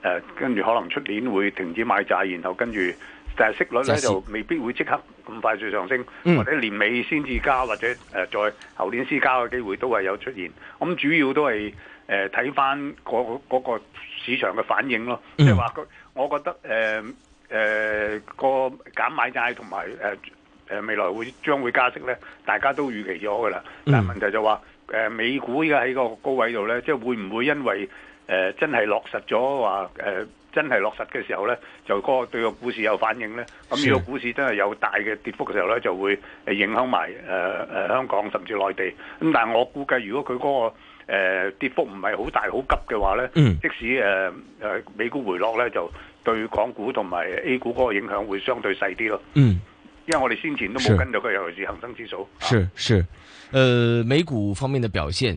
誒、呃，跟住可能出年會停止買債，然後跟住但係息率咧就未必會即刻咁快速上升，嗯、或者年尾先至加，或者誒在、呃、後年先加嘅機會都係有出現。咁、嗯、主要都係睇翻嗰個市場嘅反應咯，即係話我覺得誒誒、呃呃嗰個減買債同埋未來會將會加息咧，大家都預期咗㗎啦。嗯、但問題就話、呃、美股依家喺個高位度咧，即、就、係、是、會唔會因為？誒、呃、真係落實咗話，誒、呃、真係落實嘅時候呢，就嗰個對個股市有反應呢，咁、嗯、如果股市真係有大嘅跌幅嘅時候呢，就會影響埋誒誒香港甚至內地。咁但係我估計，如果佢嗰、嗰個、呃、跌幅唔係好大好急嘅話呢，嗯、即使誒誒、呃、美股回落呢，就對港股同埋 A 股嗰個影響會相對細啲咯。嗯，因為我哋先前都冇跟到佢，是尤其是恒生指數。是是，誒、啊呃、美股方面嘅表現。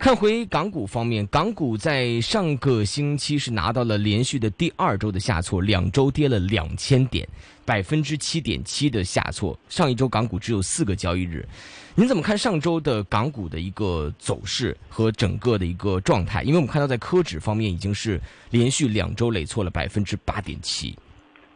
看回港股方面，港股在上個星期是拿到了連續的第二周的下挫，兩周跌了兩千點，百分之七點七的下挫。上一周港股只有四個交易日，你怎麼看上周的港股的一個走勢和整個的一個狀態？因為我們看到在科指方面已經是連續兩周累錯了百分之八點七。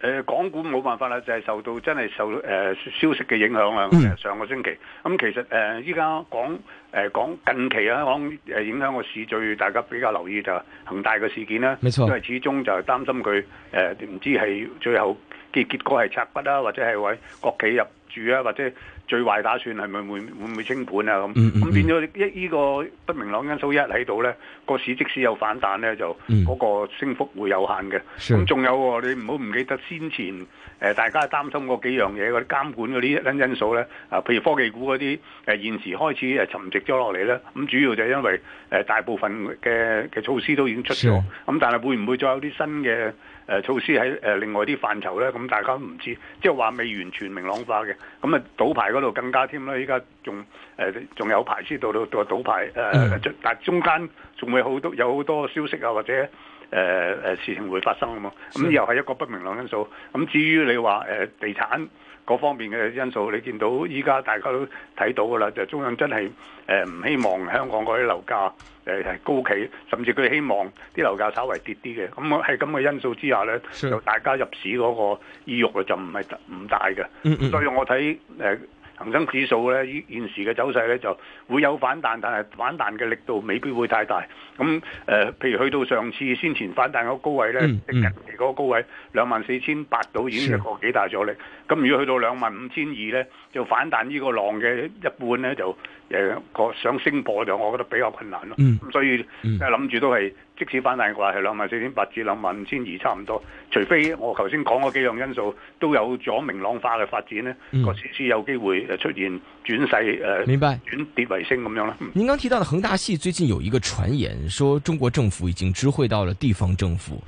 誒，港股冇辦法啦，就係、是、受到真係受、呃、消息嘅影響啦。嗯、上個星期，咁、嗯、其實誒依家港。誒講近期啊，講誒影響個市最大家比較留意就係恒大嘅事件啦。冇錯，因為始終就係擔心佢，誒，唔知係最後嘅結果係拆筆啦，或者係委國企入住啊，或者。最壞打算係咪會、會唔會清盤啊？咁咁、嗯嗯嗯、變咗一、呢個不明朗因素一喺度咧，個市即使有反彈咧，咁就嗰個升幅會有限嘅。咁仲、嗯、有你唔好唔記得先前、呃、大家擔心嗰幾樣嘢嗰啲監管嗰啲因素咧，啊，譬如科技股嗰啲、呃、現時開始誒沉寂咗落嚟咧，咁主要就係因為、呃、大部分嘅嘅措施都已經出咗，咁、嗯、但係會唔會再有啲新嘅？誒措施喺誒另外啲範疇咧，咁大家都唔知，即係話未完全明朗化嘅。咁啊賭牌嗰度更加添啦，依家仲誒仲有排先到到賭牌誒，呃、的但係中間仲會好多有好多消息啊，或者誒誒、呃、事情會發生啊嘛。咁又係一個不明朗因素。咁至於你話誒、呃、地產，嗰方面嘅因素，你見到依家大家都睇到噶啦，就中央真係誒唔希望香港嗰啲樓價誒係高企，甚至佢希望啲樓價稍微跌啲嘅。咁喺咁嘅因素之下呢，就 Sure. 大家入市嗰個意欲啊就唔係唔大嘅。所以我睇誒。呃 恒生指數咧，現時嘅走勢咧，就會有反彈，但係反彈嘅力度未必會太大。咁誒、呃，譬如去到上次先前反彈嗰個高位咧，嗯、近期嗰個高位兩萬四千八度已經係個幾大阻力。咁是如果去到兩萬五千二咧，就反彈呢個浪嘅一半咧，就誒、呃、想升破就我覺得比較困難咯。咁、嗯、所以即係諗住、嗯、都係。即使反彈嘅話係兩萬四千八至兩萬五千二差唔多，除非我頭先講嗰幾樣因素都有咗明朗化嘅發展咧，個市先有機會誒出現轉勢誒，呃、明白轉跌為升咁樣啦。嗯、您剛提到的恒大系最近有一個傳言，說中國政府已經知會到了地方政府，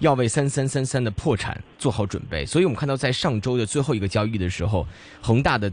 要為三三三三的破產做好準備，所以我們看到在上周的最後一個交易的時候，恒大的。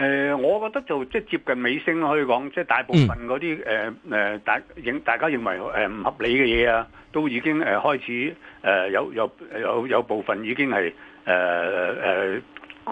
誒、呃，我覺得就即係接近尾聲可以講，即、就、係、是、大部分嗰啲誒誒大影，大家認為誒唔合理嘅嘢啊，都已經誒開始誒、呃、有有有有部分已經係誒誒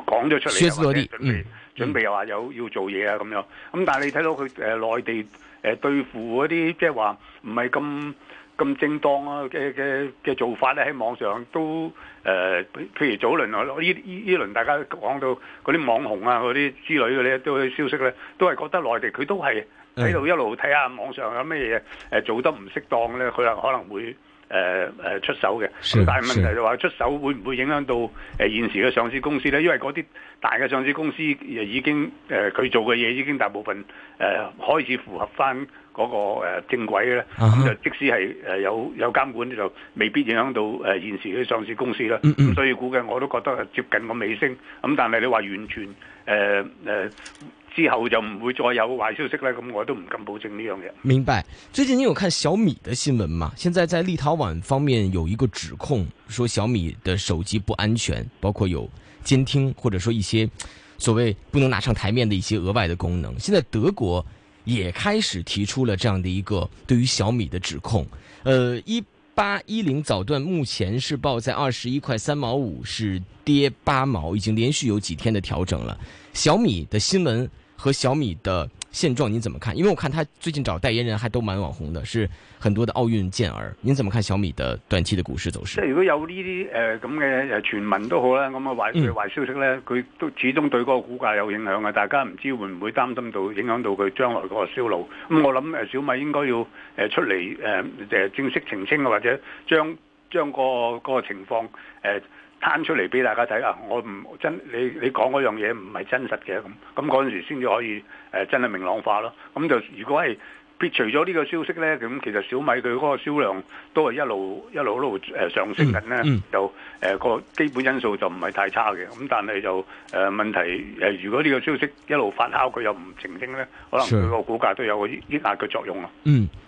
講咗出嚟嘅，準備準備又話有要做嘢啊咁樣。咁但係你睇到佢誒內地誒對付嗰啲即係話唔係咁。就是咁正當啊嘅嘅嘅做法咧，喺網上都誒、呃，譬如早輪啊，我呢輪大家講到嗰啲網紅啊，嗰啲之類嘅咧，都消息咧，都係覺得內地佢都係喺度一路睇下網上有咩嘢、呃、做得唔適當咧，佢可能會。誒誒、呃呃、出手嘅，是但係問題就話出手會唔會影響到誒、呃、現時嘅上市公司咧？因為嗰啲大嘅上市公司已經誒佢、呃、做嘅嘢已經大部分誒、呃、開始符合翻嗰、那個正軌嘅咧，咁、呃 uh huh. 就即使係、呃、有有監管，就未必影響到誒、呃、現時嘅上市公司啦。Uh huh. 所以估計我都覺得接近個尾聲，咁、嗯、但係你話完全誒誒。呃呃之後就唔會再有壞消息咧，咁我都唔敢保證呢樣嘢。明白，最近你有看小米的新聞嘛？現在在立陶宛方面有一個指控，說小米的手機不安全，包括有監聽，或者說一些所謂不能拿上台面的一些額外的功能。現在德國也開始提出了這樣的一個對於小米的指控。呃，一八一零早段目前是報在二十一塊三毛五，是跌八毛，已經連續有幾天的調整了。小米的新聞。和小米的現狀，您怎麼看？因為我看他最近找代言人，還都蠻網紅的，是很多的奧運健兒。您怎麼看小米的短期的股市走勢？即係如果有呢啲誒咁嘅誒傳聞都好啦，咁啊壞壞消息咧，佢都始終對嗰個股價有影響嘅。大家唔知會唔會擔心到影響到佢將來嗰個銷路？咁我諗誒小米應該要誒出嚟誒誒正式澄清或者將將、嗰個、嗰個情況誒。呃攤出嚟俾大家睇啊！我唔真，你你講嗰樣嘢唔係真實嘅咁，咁嗰陣時先至可以誒、呃、真係明朗化咯。咁就如果係撇除咗呢個消息咧，咁其實小米佢嗰個銷量都係一路一路一路誒、呃、上升緊咧，嗯嗯、就誒個、呃、基本因素就唔係太差嘅。咁但係就誒、呃、問題誒，如果呢個消息一路發酵，佢又唔澄清咧，可能佢個股價都有一個抑壓嘅作用咯。嗯。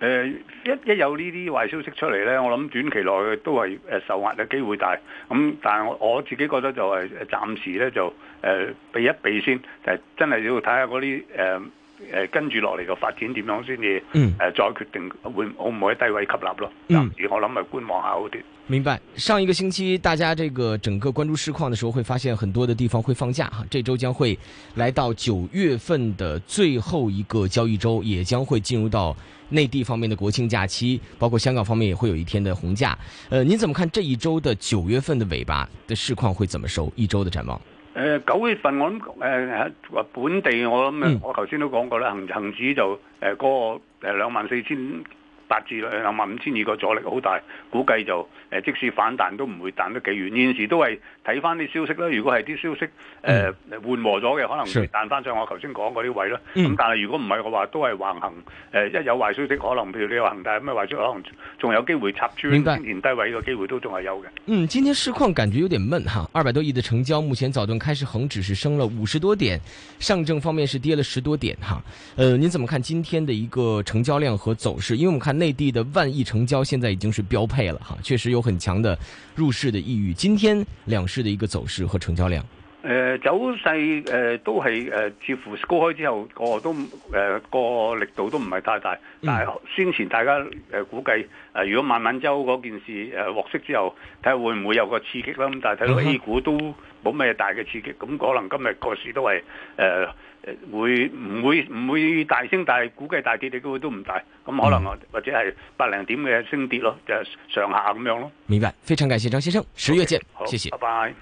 呃、一一有呢啲壞消息出嚟呢，我諗短期內都係、呃、受壓嘅機會大。咁、嗯、但係我我自己覺得就係暫時呢，就誒、呃、避一避先。誒、就係、真係要睇下嗰啲誒、呃，跟住落嚟個發展點樣先至誒，再決定會我唔會，會，會低位吸納咯。嗯，我諗咪觀望下好啲。明白。上一個星期大家這個整個關注市況的時候，會發現很多的地方會放假哈。這周將會來到九月份的最後一個交易周，也將會進入到內地方面的國慶假期，包括香港方面也會有一天的紅假。呃，您怎麼看這一周的九月份的尾巴的市況會怎麼收？一周的展望？誒，九月份我諗本地我咁樣，我頭先都講過啦，恒恒指就誒、呃那個個誒、呃、兩萬四千八至兩萬五千二個阻力好大，估計就誒、呃、即使反彈都唔會彈得幾遠。現時都係睇翻啲消息啦。如果係啲消息誒緩和咗嘅，可能彈翻上我頭先講嗰啲位啦。咁、嗯、但係如果唔係嘅話，都係橫行。誒、呃、一有壞消息，可能譬如你話恒大咁嘅壞消息，可能仲有機會插穿今年，明白。低位嘅機會都仲係有嘅。嗯，今天市況感覺有點悶哈。二百多億嘅成交，目前早段開市恆指是升了五十多點，上證方面是跌了十多點哈。呃，您怎麼看今天嘅一個成交量和走勢？因為我們看。內地的萬億成交現在已經是標配了，哈，確實有很強的入市的意欲。今天兩市的一個走勢和成交量，誒、呃，走勢誒、呃、都係誒、呃，似乎高開之後個都誒、呃、個力度都唔係太大，嗯、但係先前大家誒估計誒、呃，如果孟晚舟嗰件事誒、呃、獲釋之後，睇下會唔會有個刺激啦，咁但係睇到 A 股都冇咩大嘅刺激，咁、嗯、哼可能今日個市都係誒。呃誒，會唔會唔會大升大，但係估計大跌，嘅機會都唔大。咁可能、嗯、或者係百零點嘅升跌咯，就係、上下咁樣咯。明白，非常感謝張先生，十月見，okay, 好，謝謝，拜拜。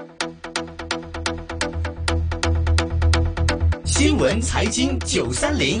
嗯、新聞財經九三零。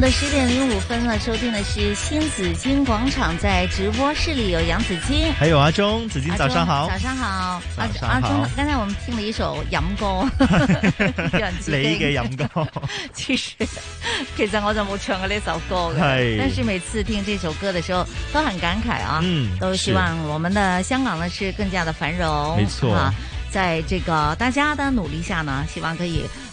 的十點零五分呢，收聽的是新紫荊廣場，在直播室裏有楊子矜還有阿中，子矜早上好、啊，早上好，阿阿中，剛才我們聽了一首飲歌， 你嘅飲歌， 其實其實我就冇唱過呢首歌嘅，是但是每次聽這首歌的時候都很感慨啊，嗯，都希望我們的香港呢是，是更加的繁榮，沒錯、啊，在這個大家的努力下呢，希望可以。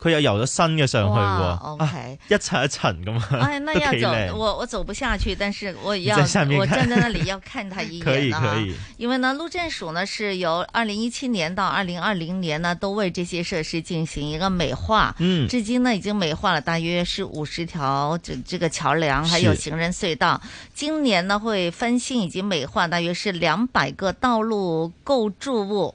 佢又游咗新嘅上去、哦、ok、啊、一層一層的嘛哎，那要走，我我走不下去，但是我要行我站在那裏要看他一眼可以 可以。可以因為呢，路政署呢是由二零一七年到二零二零年呢，都為這些設施進行一個美化。嗯。至今呢已經美化了，大約是五十條這這個橋梁，還有行人隧道。是今年呢會翻新以及美化，大約是兩百個道路構築物。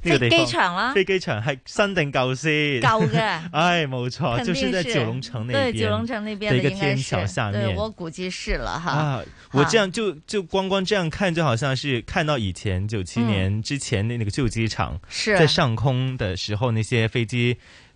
飛機場啦，飛機場係新定舊先個，舊嘅，哎，哎冇錯，是就是在九龍城那邊，對九龍城那邊個天橋下面，我估計是了哈，啊，我這樣就就光光這樣看就好像是看到以前九七年之前的那個舊機場，嗯是啊，在上空的時候那些飛機。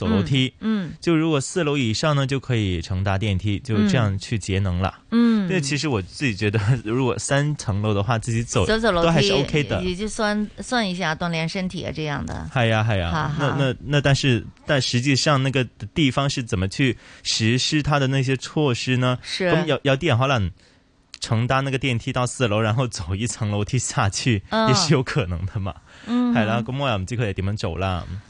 走樓梯，嗯，嗯，就如果四樓以上呢，就可以乘搭電梯，就這樣去節能了，嗯。那、嗯、其實我自己覺得，如果三層樓的話，自己走走走樓梯，都還是 OK 的，也就算算一下鍛煉身體啊這樣的。哎呀哎呀，哎呀好那那那但是但實際上那個地方是怎麼去實施它的那些措施呢？是，要要電好，乘搭那個電梯到四樓，然後走一層樓梯下去，哦、也是有可能的嘛。嗯，係啦，咁我哋即刻佢點樣走啦。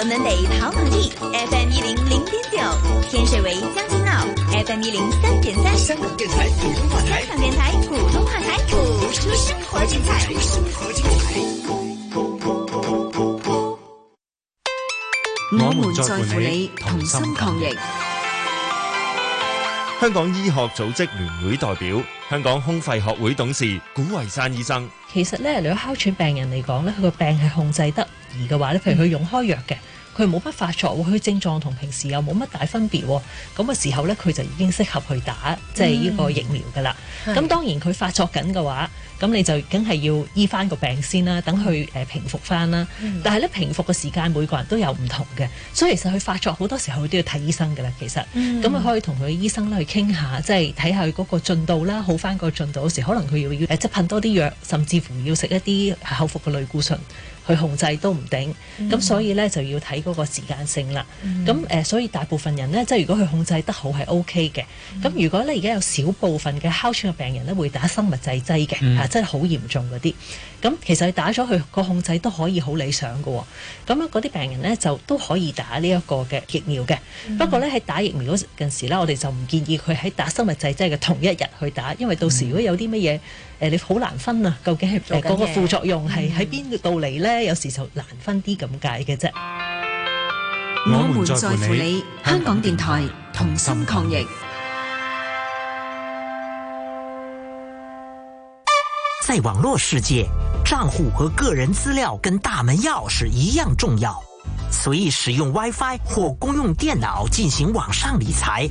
我們地跑馬地 FM 一零零點九，天水圍將軍澳 FM 一零三點三，香港電台普通話台，香港電台普通話台，捕捉生活精彩。我們在乎你，同心抗疫。香港醫學組織聯會代表，香港胸肺學會董事古維山醫生。其實咧，如果哮喘病人嚟講咧，佢個病係控制得宜嘅話咧，譬如佢用開藥嘅。嗯佢冇乜發作喎，佢症狀同平時又冇乜大分別喎，咁嘅時候呢，佢就已經適合去打即係呢個疫苗噶啦。咁、嗯、當然佢發作緊嘅話，咁你就梗係要醫翻個病先啦，等佢誒平復翻啦。嗯、但係咧平復嘅時間每個人都有唔同嘅，所以其實佢發作好多時候都要睇醫生噶啦。其實咁啊，嗯、可以同佢醫生咧去傾下，即係睇下佢嗰個進度啦，好翻個進度嗰時，可能佢要要誒即噴多啲藥，甚至乎要食一啲口服嘅類固醇。去控制都唔頂，咁、嗯、所以呢，就要睇嗰個時間性啦。咁、嗯呃、所以大部分人呢，即係如果佢控制得好係 O K 嘅。咁、嗯、如果呢而家有少部分嘅哮喘嘅病人呢，會打生物製劑嘅，啊、真係好嚴重嗰啲。咁其實打咗佢個控制都可以好理想喎、哦。咁嗰啲病人呢，就都可以打呢一個嘅疫苗嘅。嗯、不過呢，喺打疫苗嗰陣時呢，我哋就唔建議佢喺打生物製劑嘅同一日去打，因為到時如果有啲乜嘢。誒你好難分啊，究竟係誒嗰個副作用係喺邊度嚟咧？嗯、有時就難分啲咁解嘅啫。我們在乎你，香港電台同心抗疫。在網絡世界，帳戶和個人資料跟大門鑰匙一樣重要。隨意使用 WiFi 或公用電腦進行網上理財，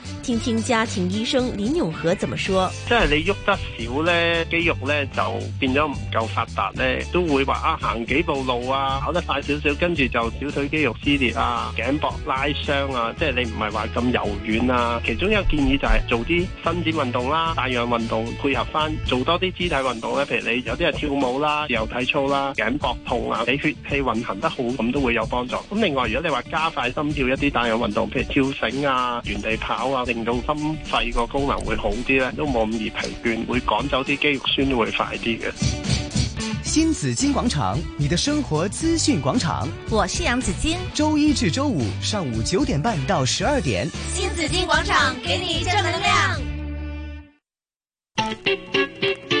聽聽家庭醫生林永和怎麼說？即係你喐得少呢，肌肉呢就變咗唔夠發達呢，都會話啊行幾步路啊，跑得快少少，跟住就小腿肌肉撕裂啊，頸膊拉傷啊。即係你唔係話咁柔軟啊。其中一個建議就係做啲伸展運動啦，帶氧運動配合翻做多啲肢體運動呢，譬如你有啲係跳舞啦、自由體操啦、頸膊痛啊，你血氣運行得好，咁都會有幫助。咁另外，如果你話加快心跳一啲帶氧運動，譬如跳繩啊、原地跑啊。令到心肺個功能會好啲咧，都冇咁易疲倦，會趕走啲肌肉酸會快啲嘅。新紫荊廣場，你的生活資訊廣場，我係楊子矜。周一至周五上午九點半到十二點，新紫荊廣場給你正能量。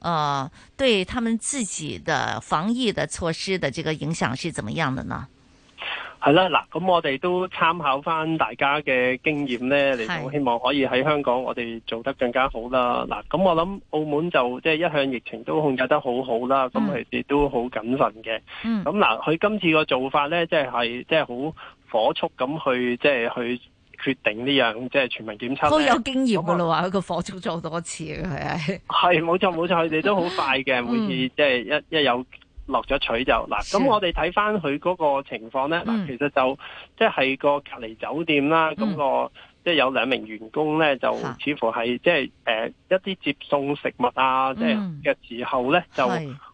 呃，對他們自己的防疫的措施的這個影響是怎麼樣的呢？係啦，嗱，咁我哋都參考翻大家嘅經驗呢，嚟講，希望可以喺香港我哋做得更加好啦。嗱的，咁我諗澳門就即係一向疫情都控制得好好啦，咁佢哋都好謹慎嘅。咁嗱、嗯，佢今次個做法呢、就是，即係係即係好火速咁去即係去，就是去決定呢樣即係全民檢測，好有經驗噶啦喎，佢個就火速做多次，係係冇錯冇錯，佢哋都好快嘅， 嗯、每次即係一一有落咗取就嗱，咁我哋睇翻佢嗰個情況咧，嗱了、嗯、其實就即係個隔離酒店啦，咁、嗰個、嗯、即係有兩名員工咧，就似乎係即係誒一啲接送食物啊，即係嘅時候咧就。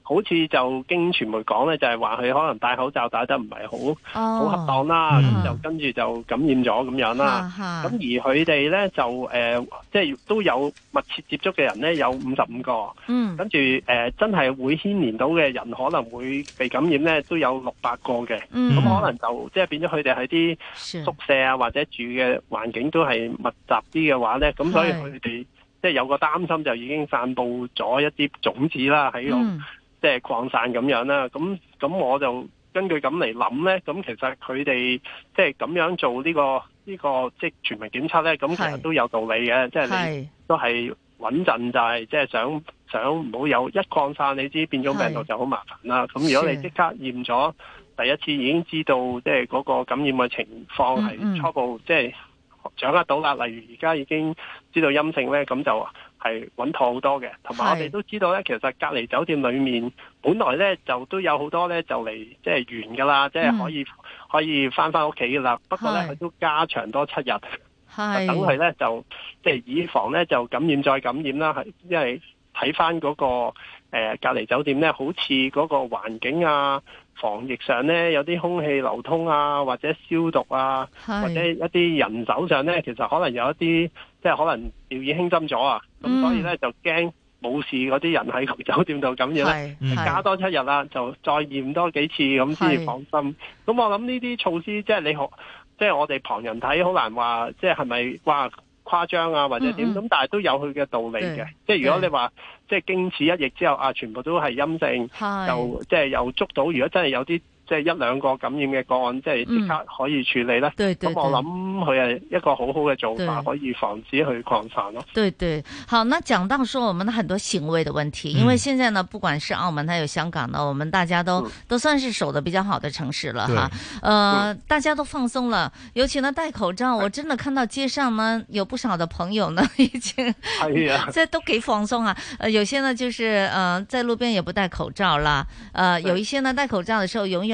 好似就經傳媒講咧，就係話佢可能戴口罩戴得唔係好好合當啦，咁就跟住就感染咗咁樣啦。咁、uh huh. 而佢哋咧就誒，即、呃、係、就是、都有密切接觸嘅人咧，有五十五個。嗯、mm，hmm. 跟住誒、呃、真係會牽連到嘅人可能會被感染咧，都有六百個嘅。咁、mm hmm. 可能就即係、就是、變咗佢哋喺啲宿舍啊，或者住嘅環境都係密集啲嘅話咧，咁、uh huh. 所以佢哋即係有個擔心，就已經散佈咗一啲種子啦喺度，即係擴散咁樣啦，咁咁我就根據咁嚟諗咧，咁其實佢哋即係咁樣做呢個，呢個即係全民檢測咧，咁其實都有道理嘅，即係是你都係穩陣就係即係想想唔好有一擴散，你知變咗病毒就好麻煩啦。咁是如果你即刻驗咗第一次已經知道，即係嗰個感染嘅情況係初步嗯嗯即係掌握到啦。例如而家已經知道陰性咧，咁就，係穩妥好多嘅，同埋我哋都知道咧，是的 其實隔離酒店裏面本來咧就都有好多咧，就嚟即係完噶啦，即係是的 可以可以返返屋企噶啦。是的 不過咧佢都加長多七日，是的 等佢咧就即係以防咧就感染再感染啦。係因為睇返嗰個、呃、隔離酒店咧，好似嗰個環境啊、防疫上咧有啲空氣流通啊，或者消毒啊，是的 或者一啲人手上咧，其實可能有一啲即係可能掉以輕心咗啊。咁、嗯、所以咧就驚冇事嗰啲人喺酒店度咁樣，加多七日啦，就再驗多幾次咁先至放心。咁是我諗呢啲措施即係、就是、你即係、就是、我哋旁人睇好難話，即係係咪話誇張啊或者點？咁、嗯、但係都有佢嘅道理嘅。是即係如果你話即係經此一役之後啊，全部都係陰性，就即係又捉到，如果真係有啲。即係一兩個感染嘅個案，即係即刻可以處理啦。對對。咁我諗佢係一個好好嘅做法，可以防止佢擴散咯。對對。好。那講到說我們的很多行為的問題，因為現在呢，不管是澳門，還有香港呢，我們大家都都算是守得比較好的城市了，哈。呃，大家都放鬆了，尤其呢戴口罩，我真的看到街上呢有不少的朋友呢已經。係啊，即係都幾放鬆啊。呃，有些呢就是，呃在路邊也不戴口罩啦。呃，有一些呢戴口罩嘅時候，永遠。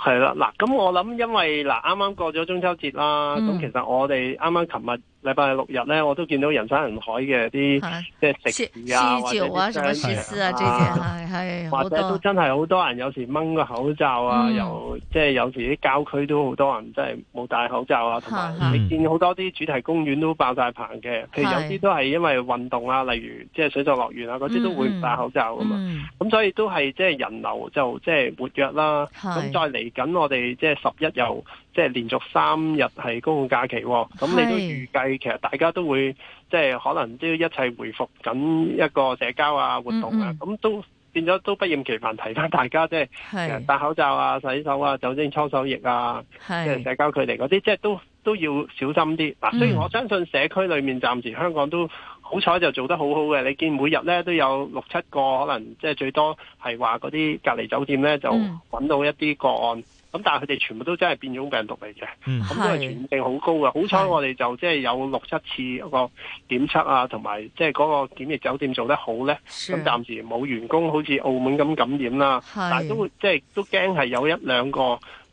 係啦，嗱，咁我諗，因為嗱，啱啱過咗中秋節啦，咁、嗯、其實我哋啱啱琴日。禮拜六日咧，我都見到人山人海嘅啲，即係是食肆啊，或者啲市啊，之前，係係好或者都真係好多人有時掹個口罩啊，嗯、又即係有時啲郊區都好多人，即係冇戴口罩啊，同埋你見好多啲主題公園都爆大棚嘅，譬如有啲都係因為運動啊，例如即係水上樂園啊嗰啲都會唔戴口罩噶嘛，咁、嗯嗯嗯、所以都係即係人流就即係活躍啦。咁是再嚟緊，我哋即係十一又。即係連續三日係公共假期，哦，咁你都預計其實大家都會即係是可能都要一切回復緊一個社交啊嗯嗯活動啊，咁、嗯、都變咗都不厭其煩提翻大家即係是戴口罩啊、洗手啊、酒精搓手液啊，即係是社交距離嗰啲，即、就、係、是、都都要小心啲。嗱、啊，雖然我相信社區裏面暫時香港都、嗯、好彩就做得好好嘅，你見每日咧都有六七個可能，即係最多係話嗰啲隔離酒店咧就揾到一啲個案。嗯咁但係佢哋全部都真係變種病毒嚟嘅，咁都係傳染性好高嘅。好彩我哋就即係有六七次嗰個檢測啊，同埋即係嗰個檢疫酒店做得好咧，咁暫時冇員工好似澳門咁感染啦。但係都即係都驚係有一兩個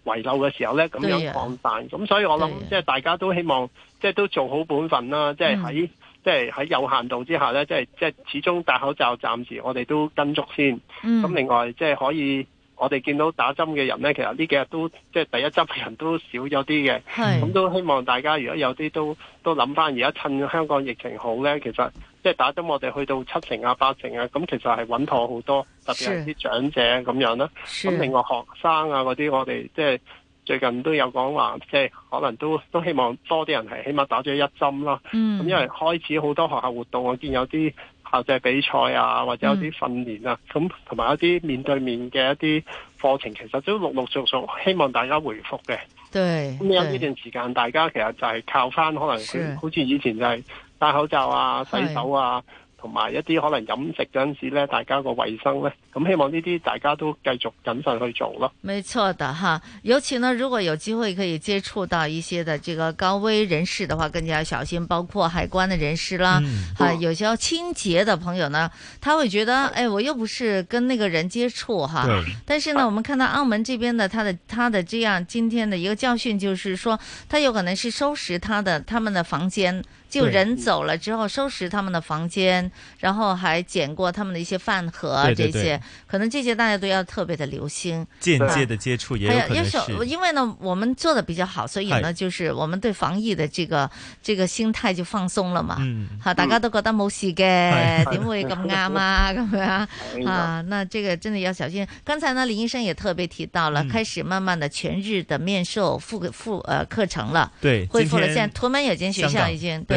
遺漏嘅時候咧，咁樣擴散。咁所以我諗即係大家都希望即係都做好本分啦，即係喺即係喺有限度之下咧，即係即係始終戴口罩。暫時我哋都跟足先。咁另外即係可以。我哋見到打針嘅人呢，其實呢幾日都即係第一針嘅人都少咗啲嘅，咁是都希望大家如果有啲都都諗翻，而家趁香港疫情好呢，其實即係打針我哋去到七成啊八成啊，咁其實係穩妥好多，特別係啲長者咁樣啦。咁是另外學生啊嗰啲，我哋即係最近都有講話，即係可能都都希望多啲人係起碼打咗一針啦。咁、嗯、因為開始好多學校活動，我見有啲。校際比賽啊，或者有啲訓練啊，咁同埋有啲面對面嘅一啲課程，其實都陸陸續續希望大家回復嘅。對，咁有呢段時間，對大家其實就係靠翻，可能佢，好似以前就係戴口罩啊、的洗手啊。同埋一啲可能飲食嗰陣時呢，大家個衛生呢，咁、嗯、希望呢啲大家都繼續謹慎去做咯。沒錯的哈，尤其呢，如果有機會可以接觸到一些的這個高危人士的話，更加要小心。包括海關的人士啦，啊、嗯，有些清潔的朋友呢，他會覺得，是哎，我又不是跟那個人接觸哈、啊。嗯、但是呢，我們看到澳門這邊的他的他的這樣今天的一個教訓，就是說，他有可能是收拾他的他們的房間。就人走了之後，收拾他們的房間，然後還撿過他們的一些飯盒這些，可能這些大家都要特別的留心。間接的接觸也有可能是。因為呢，我們做的比較好，所以呢，就是我們對防疫的這個這個心態就放鬆了嘛。好，大家都覺得冇事嘅，點會咁啱啊？咁樣啊？那這個真的要小心。剛才呢，林醫生也特別提到了，開始慢慢的全日的面授復復呃課程了，對，恢復了。現在屯門有間學校已經對。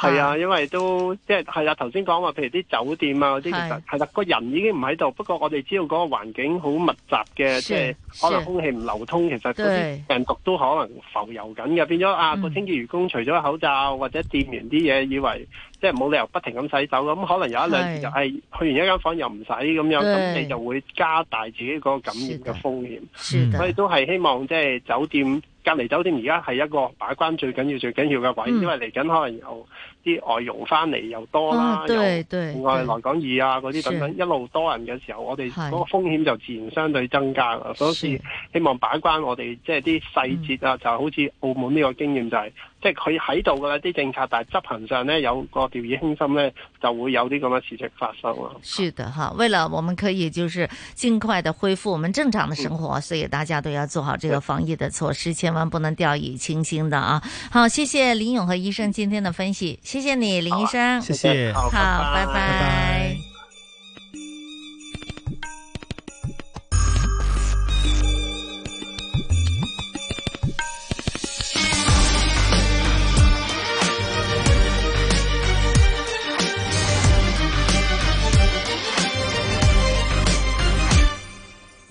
係啊，因為都即係係啦。頭先講話，譬如啲酒店啊嗰啲，是其實係啦，個、啊、人已經唔喺度。不過我哋知道嗰個環境好密集嘅，即係是可能空氣唔流通，是其實嗰啲病毒都可能浮游緊嘅。變咗啊，個、嗯、清潔員工除咗口罩或者掂完啲嘢，以為即係冇理由不停咁洗手。咁可能有一是兩次就係、是、去完一間房又唔使咁樣，咁你就會加大自己嗰個感染嘅風險。所以都係希望即係酒店。隔離酒店而家係一個把關最緊要，最要、最緊要嘅位，因為嚟緊可能有啲外傭翻嚟又多啦，又、啊、外來港二啊嗰啲對等等，對一路多人嘅時候，是我哋嗰個風險就自然相對增加啦。是所以希望把關我哋即係啲細節啊，嗯、就好似澳門呢個經驗就係、是。即係佢喺度嘅啦啲政策，但係執行上呢，有個掉以輕心呢，就會有啲咁嘅事情發生咯。是的哈，為了我們可以就是盡快的恢復我們正常嘅生活，嗯、所以大家都要做好這個防疫嘅措施，嗯、千萬不能掉以輕心的啊！好，謝謝林永和醫生今天的分析，謝謝你林醫生，啊、謝謝，好，拜拜。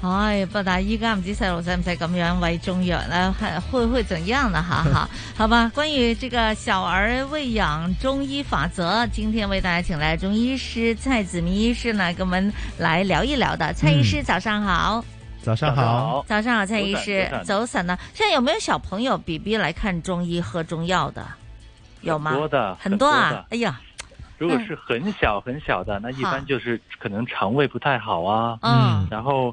哎，不過依家唔知細路使唔使咁樣餵中藥那還會會怎樣呢？哈哈，好吧。 關於這個小兒餵養中醫法則，今天為大家請來中醫師蔡梓銘醫師呢，跟我們來聊一聊的。嗯、蔡醫師，早上好！早上好，早上好，蔡醫師。走散了。現在有沒有小朋友、BB 來看中醫、喝中藥的？有嗎？很多的很多啊！多哎呀呦，如果是很小、嗯、很小的，那一般就是可能腸胃不太好啊。好嗯，然後。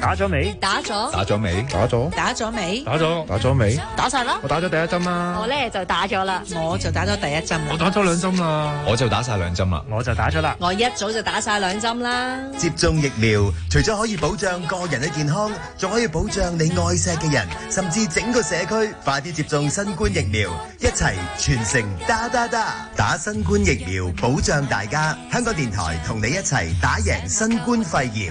打咗未？打咗。打咗未？打咗。打咗未？打咗。打咗未？打晒啦！我打咗第一針啦。我呢就打咗啦，我就打咗第一針啦。我打咗兩針啦。我就打晒兩針啦。我就打咗啦。我一早就打晒兩針啦。接種疫苗，除咗可以保障個人嘅健康，仲可以保障你愛錫嘅人，甚至整個社區，快啲接種新冠疫苗，一齊全城打打打，打新冠疫苗保障大家。香港電台同你一齊打贏新冠肺炎。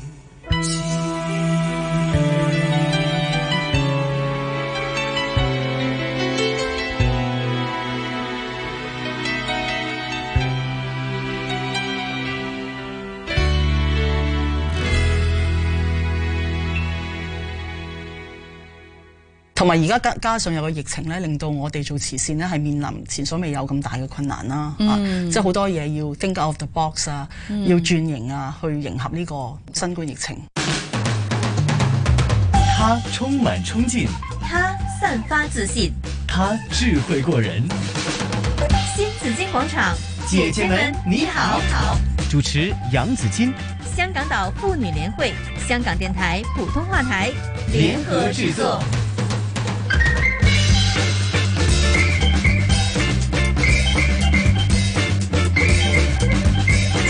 而家加加上有個疫情咧，令到我哋做慈善咧係面臨前所未有咁大嘅困難啦、嗯啊，即係好多嘢要 think out the box 啊、嗯，要轉型啊，去迎合呢個新冠疫情。他充滿衝勁，他散發自信，他智慧過人。新紫荊廣場，姐姐們你好，好主持楊子矜，香港島婦女聯會、香港電台普通話台聯合製作。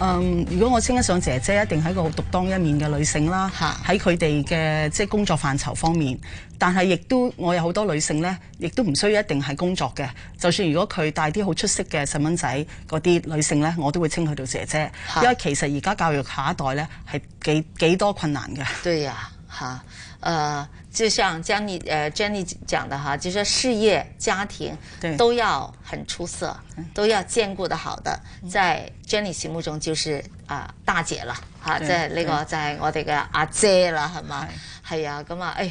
嗯，um, 如果我稱得上姐姐，一定係一個獨當一面嘅女性啦，嚇喺佢哋嘅即係工作範疇方面，但係亦都我有好多女性呢，亦都唔需要一定係工作嘅。就算如果佢帶啲好出色嘅細蚊仔嗰啲女性呢，我都會稱佢做姐姐，的因為其實而家教育下一代呢，係幾，幾多困難嘅。對呀，啊，嚇，呃就像 Jenny 呃，Jenny 講的哈，就說事業、家庭都要很出色，對都要兼顧的好的，嗯、在 Jenny 心目中就是啊、呃、大姐了哈，即係對、那個對在我哋嘅阿姐啦，係嘛？係啊，咁啊，哎。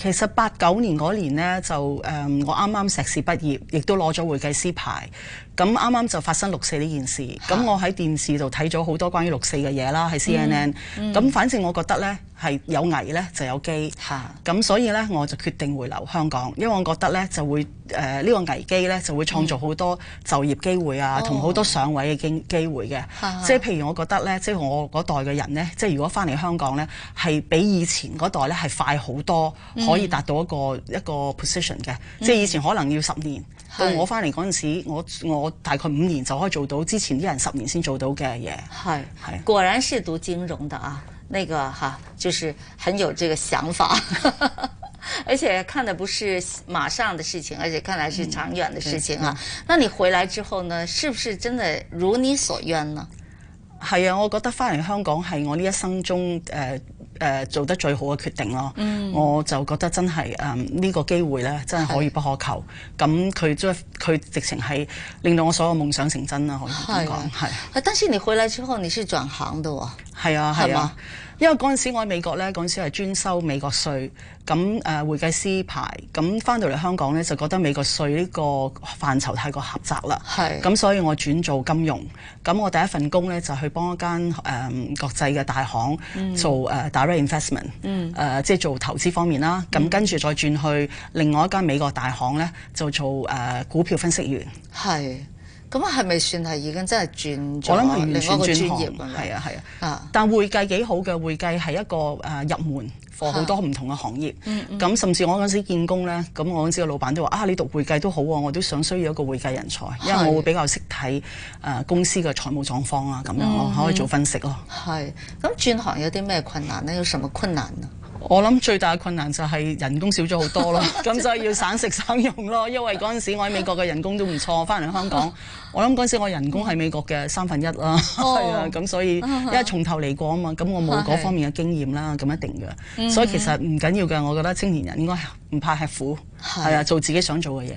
其實八九年嗰年呢，就誒，嗯，我啱啱碩士畢業，亦都攞咗會計師牌。咁啱啱就發生六四呢件事，咁哈我喺電視度睇咗好多關於六四嘅嘢啦，喺 CNN、嗯。咁反正我覺得呢係有危呢就有機，咁哈所以呢，我就決定回流香港，因為我覺得呢就會誒呢、呃這個危機呢就會創造好多就業機會啊，同好、嗯、多上位嘅經機會嘅。即係、哦、譬如我覺得呢，即、係、我嗰代嘅人呢，即、係、如果翻嚟香港呢，係比以前嗰代呢係快好多，嗯、可以達到一個一個 position 嘅，嗯、即係以前可能要十年。對到我翻嚟嗰陣時，我我大概五年就可以做到之前啲人十年先做到嘅嘢。係係對，是果然是讀金融的啊，呢、那個哈，就是很有這個想法， 而且看的不是馬上的事情，而且看來是長遠的事情啊。嗯、那你回來之後呢，是不是真的如你所願呢？係啊，我覺得翻嚟香港係我呢一生中誒。呃誒、呃、做得最好嘅決定咯，嗯、我就覺得真係誒呢個機會咧，真係可遇不可求。咁佢即係佢直情係令到我所有夢想成真啦，可以咁講係。係啊、係，但係你回來之後，你係轉行嘅喎，係啊係啊。係啊係因為嗰陣時我喺美國咧，嗰時時係專收美國稅，咁誒、呃、會計師牌，咁翻到嚟香港咧就覺得美國稅呢個範疇太過狹窄啦，咁是所以我轉做金融，咁我第一份工咧就去幫一間誒、嗯、國際嘅大行做誒、呃、Direct Investment，誒、嗯呃、即係做投資方面啦，咁、嗯、跟住再轉去另外一間美國大行咧就做誒、呃、股票分析員員。咁啊，係咪算係已經真係轉咗另外一個專業？我諗係唔算轉專業啊？係啊，係啊。但會計幾好嘅，會計係一個誒入門課，好多唔同嘅行業。咁、啊嗯嗯、甚至我嗰陣時見工咧，咁我嗰陣時嘅老闆都話：啊，你讀會計都好，我都想需要一個會計人才，因為我會比較識睇誒公司嘅財務狀況啊，咁樣咯，我可以做分析咯。係、嗯。咁轉行有啲咩困難咧？有什麼困難啊？我諗最大嘅困難就係人工少咗好多咯，咁所以要省食省用咯。因為嗰陣時我喺美國嘅人工都唔錯，翻嚟香港，我諗嗰陣時我人工係美國嘅三分一啦，係啊，咁所以因為從頭嚟過啊嘛，咁我冇嗰方面嘅經驗啦，咁的一定嘅。所以其實唔緊要嘅，我覺得青年人應該唔怕吃苦，係啊的，做自己想做嘅嘢。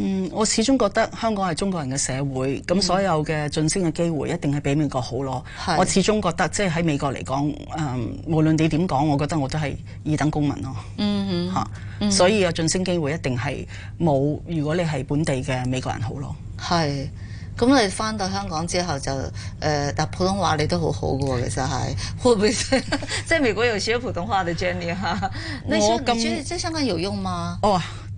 嗯，我始終覺得香港係中國人嘅社會，咁所有嘅晉升嘅機會一定係比美國好咯。嗯、我始終覺得即係喺美國嚟講，誒、嗯，無論你點講，我覺得我都係二等公民咯。嗯，所以啊，晉升機會一定係冇，如果你係本地嘅美國人好咯。係、嗯哼，咁你返到香港之後就誒，但、呃、普通話你都很好好嘅喎，其實係，會唔會即係 美國有少少普通話嘅 Jenny 嚇？我覺得在香港有用嗎？哦。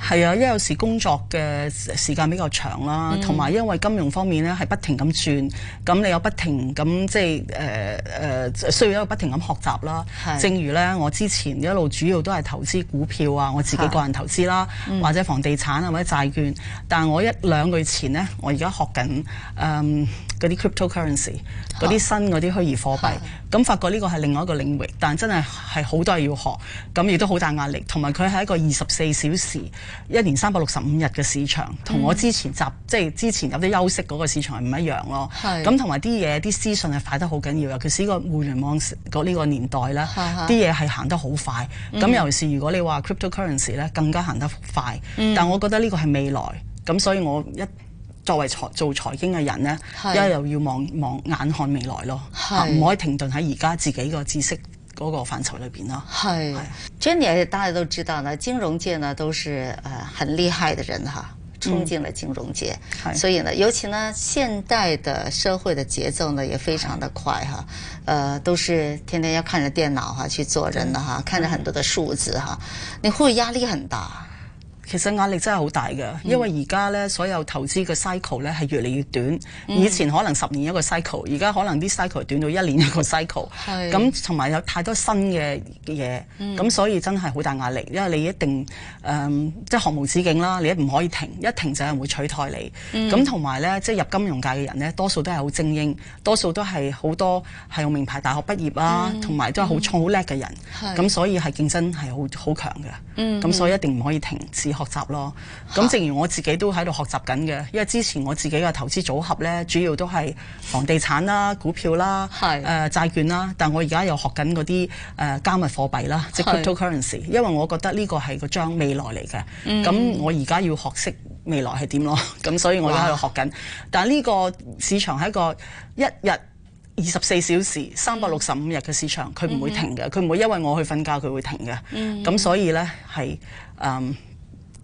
係啊，因為有時工作嘅時間比較長啦，同埋、嗯、因為金融方面咧係不停咁轉，咁你又不停咁即係誒誒需要一個不停咁學習啦。是正如咧，我之前一路主要都係投資股票啊，我自己個人投資啦，是或者房地產啊或者債券，嗯、但係我一兩個月前咧，我而家學緊誒。嗯嗰啲 cryptocurrency，嗰啲新嗰啲虛擬貨幣，咁、啊、發覺呢個係另外一個領域，但真係，係好多嘢要學，咁亦都好大壓力，同埋佢係一個二十四小時一年三百六十五日嘅市場，同我之前集、嗯、即係之前有啲休息嗰個市場係唔一樣咯。咁同埋啲嘢、啲資訊係快得好緊要，尤其是個互聯網呢個年代啦，啲嘢係行得好快。咁、嗯、尤其是如果你話 cryptocurrency 咧，更加行得快。嗯，但我覺得呢個係未來，咁所以我一。作為財做財經嘅人呢，一是又要望望眼看未來咯，唔是、啊、可以停頓喺而家自己個知識嗰個範疇裏邊咯，Jenny，大家都知道啦，金融界呢都是誒、呃、很厲害的人哈，衝、啊、進了金融界，嗯、所以呢，是尤其呢現代的社會的節奏呢也非常的快哈，誒是、呃、都是天天要看着電腦哈去做人，啦哈，看着很多的數字哈、啊，你會壓力很大。其實壓力真係好大嘅，因為而家咧所有投資嘅 cycle 咧係越嚟越短，嗯、以前可能十年一個 cycle，而家可能啲 cycle 短到一年一個 cycle 是。咁同埋有太多新嘅嘢，咁、嗯、所以真係好大壓力，因為你一定即係學無止境啦，你一唔可以停，一停就有人會取代你。咁同埋咧，即係、就是、入金融界嘅人咧，多數都係好精英，多數都係好多係用名牌大學畢業啦，同埋、嗯、都係好聰好叻嘅人。咁、嗯、是所以係競爭係好好強嘅。咁、嗯、所以一定唔可以停止。學習咯，咁正如我自己都喺度學習緊嘅，因為之前我自己嘅投資組合呢，主要都係房地產啦、股票啦、誒債是、呃、券啦，但我而家又學緊嗰啲加密貨幣啦，即係 crypto currency，是因為我覺得呢個係個將未來嚟嘅，咁、嗯、我而家要學識未來係點咯，咁所以我而家喺度學緊。哇但呢個市場係一個一日二十四小時三百六十五日嘅市場，佢唔會停嘅，佢唔、嗯、會因為我去瞓覺佢會停嘅。咁、嗯、所以呢，係。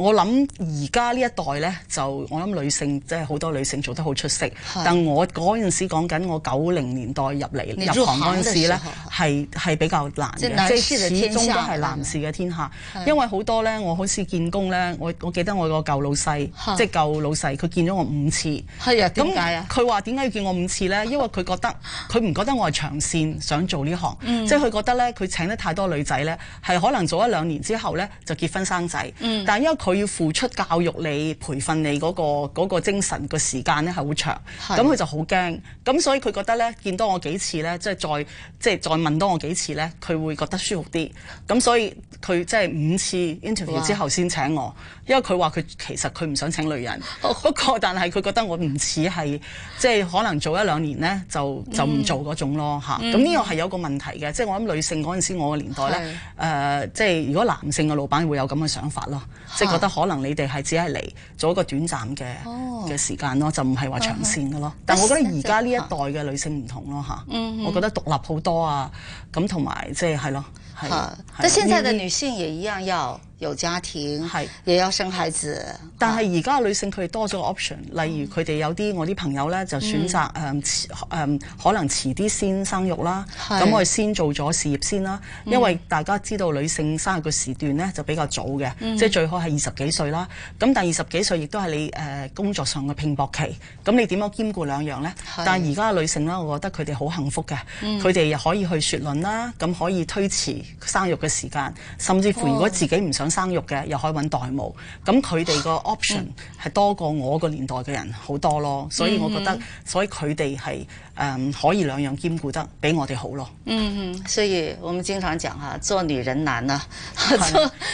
我諗而家呢一代呢，就我諗女性即係好多女性做得好出色。但我嗰陣時講緊我九零年代入嚟入行嗰陣時咧，係係比較難嘅，即係始終都係男士嘅天下。因為好多呢，我好似見工呢，我我記得我個舊老細，即係舊老細，佢見咗我五次。係啊，點解啊？佢話點解要見我五次呢？因為佢覺得佢唔覺得我係長線想做呢行，即係佢覺得呢，佢請得太多女仔呢，係可能做一兩年之後呢，就結婚生仔。但係因為佢。佢要付出教育你、培訓你嗰個嗰個精神個時間咧係好長，咁佢的就好驚，咁所以佢覺得咧見多我幾次咧，即係再即係再問多我幾次咧，佢會覺得舒服啲，咁所以佢即係五次 interview 之後先請我。因為佢話佢其實佢唔想請女人，好吧不過但係佢覺得我唔似係即係可能做一兩年咧就就唔做嗰種咯咁呢、嗯嗯、個係有個問題嘅，即、就、係、是、我諗女性嗰陣時我個年代咧，誒即係如果男性嘅老闆會有咁嘅想法咯，是即係覺得可能你哋係只係嚟做一個短暫嘅嘅、哦、時間咯，就唔係話長線嘅咯。嗯、但我覺得而家呢一代嘅女性唔同咯嚇，嗯嗯、我覺得獨立好多啊，咁同埋即係係咯。好係。但現在的女性也一樣要。有家庭係，是也要生孩子。但係而家女性佢哋多咗個 option，、嗯、例如佢哋有啲我啲朋友咧就選擇誒誒可能遲啲先生育啦。咁是我哋先做咗事業先啦，嗯、因為大家知道女性生育嘅時段咧就比較早嘅，嗯、即係最好係二十幾歲啦。咁但係二十幾歲亦都係你誒、呃、工作上嘅拼搏期。咁你點樣兼顧兩樣咧？是但係而家女性咧，我覺得佢哋好幸福嘅，佢哋又可以去雪卵啦，咁可以推遲生育嘅時間，甚至乎如果自己唔想生育嘅又可以揾代母，咁佢哋個 option 係多過我個年代嘅人好多咯，所以我覺得，所以佢哋係誒可以兩樣兼顧得比我哋好咯。嗯，所以我們經常講吓，做女人難啊，啊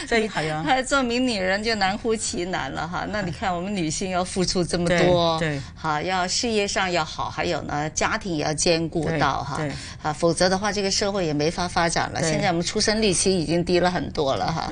做做名女人就難乎其難了哈。那你看我們女性要付出這麼多，對，好要事業上要好，還有呢家庭要兼顧到哈，啊，對否則的話，這個社會也沒法發展了。對現在我們出生率其實已經低了很多了哈，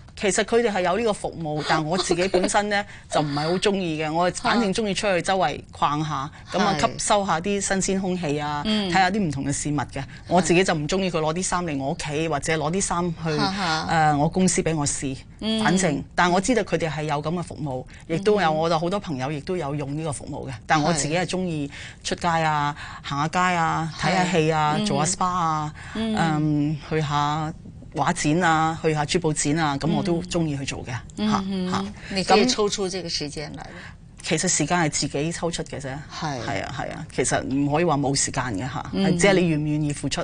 其實佢哋係有呢個服務，但我自己本身呢就唔係好中意嘅。我反正中意出去周圍逛下，咁啊吸收下啲新鮮空氣啊，睇下啲唔同嘅事物嘅。我自己就唔中意佢攞啲衫嚟我屋企，或者攞啲衫去誒我公司俾我試。反正，但我知道佢哋係有咁嘅服務，亦都有我就好多朋友亦都有用呢個服務嘅。但我自己係中意出街啊，行下街啊，睇下戲啊，做下 SPA 啊，去下畫展啊，去下珠寶展啊，咁我都中意去做嘅嚇你咁抽出這個時間嚟，其實時間係自己抽出嘅啫。係是啊係啊，其實唔可以話冇時間嘅吓，即係、mm hmm. 啊、你願唔願意付出。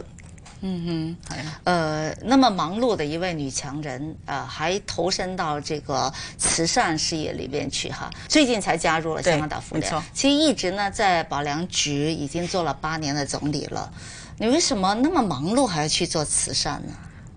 嗯哼、mm，係、hmm. 啊。誒、呃，那麼忙碌的一位女強人，呃、啊，還投身到這個慈善事業裏面去哈、啊。最近才加入了香港島婦聯對其實一直呢在保良局已經做了八年的總理了。你為什麼那麼忙碌，還要去做慈善呢？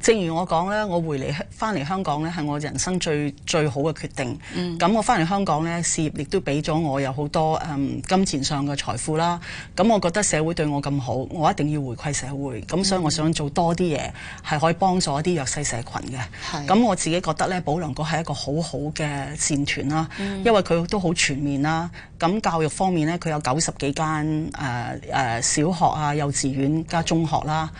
正如我講咧，我回嚟香翻嚟香港咧，係我人生最最好嘅決定。咁、嗯、我翻嚟香港咧，事業亦都俾咗我有好多嗯金錢上嘅財富啦。咁我覺得社會對我咁好，我一定要回饋社會，咁、嗯、所以我想做多啲嘢，係可以幫助一啲弱勢社群嘅。咁是我自己覺得咧，保良局係一個好好嘅善團啦，嗯、因為佢都好全面啦。咁教育方面咧，佢有九十幾間誒誒小學啊、幼稚園加中學啦。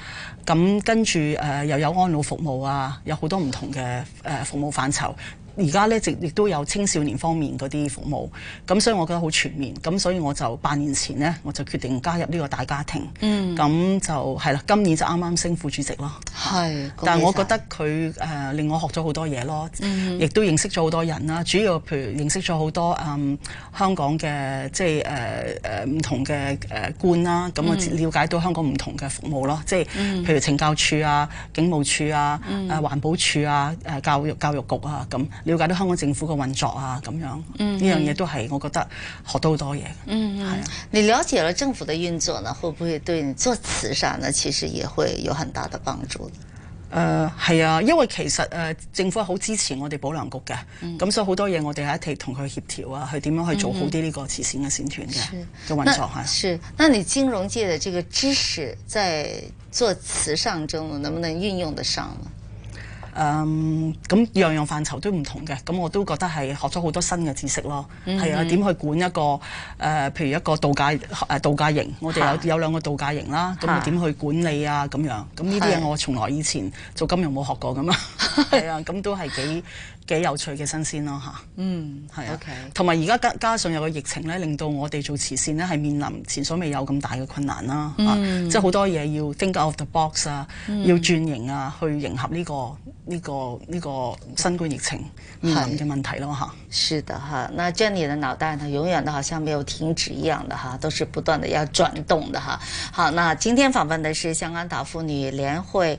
咁跟住誒又有安。老服務啊，有好多唔同嘅誒服務範疇。而家咧亦亦都有青少年方面嗰啲服務，咁所以我覺得好全面，咁所以我就八年前呢，我就決定加入呢個大家庭，咁、嗯、就係啦。今年就啱啱升副主席咯係是，但係我覺得佢誒是、呃、令我學咗好多嘢咯亦、嗯、都認識咗好多人啦。主要譬如認識咗好多誒、嗯、香港嘅即係誒誒唔同嘅誒官啦、咁、嗯、我了解到香港唔同嘅服務咯即係、嗯、譬如懲教處啊、警務處啊、誒環保處啊、誒、啊啊、教育教育局啊咁。了解到香港政府嘅運作啊，咁樣呢、mm hmm. 樣嘢都係我覺得學到好多嘢。嗯、mm，係、hmm. 啊。你了解了政府嘅運作呢，會唔會對你做慈善呢？其實也會有很大的幫助呢。誒、呃，係啊，因為其實誒、呃，政府係好支持我哋保良局嘅，咁、mm hmm. 所以好多嘢我哋係一齊同佢協調啊，去點樣去做好啲呢個慈善嘅線團嘅嘅運作吓、啊。是，那你金融界的這個知識，在做慈善中能不能運用得上呢？嗯，咁樣樣範疇都唔同嘅，咁我都覺得係學咗好多新嘅知識咯。係、嗯、哼啊，點去管一個誒、呃，譬如一個度假誒度假營，我哋有哈有兩個度假營啦，咁點哈去管理啊？咁樣，咁呢啲嘢我從來以前做金融冇學過㗎是啊，係啊，咁都係幾 幾有趣嘅新鮮咯嚇，嗯係啊，同埋而家加加上有個疫情咧，令到我哋做慈善咧係面臨前所未有咁大嘅困難啦，嚇、嗯啊，即係好多嘢要 think out of the box 啊，嗯、要轉型啊，去迎合呢、呢個呢呢、呢個呢個、新冠疫情嘅問題咯吓，是的吓，那 Jenny 的腦袋呢永遠都好像沒有停止一樣的哈，都是不斷的要轉動的哈。好，那今天訪問的是香港島婦女聯會。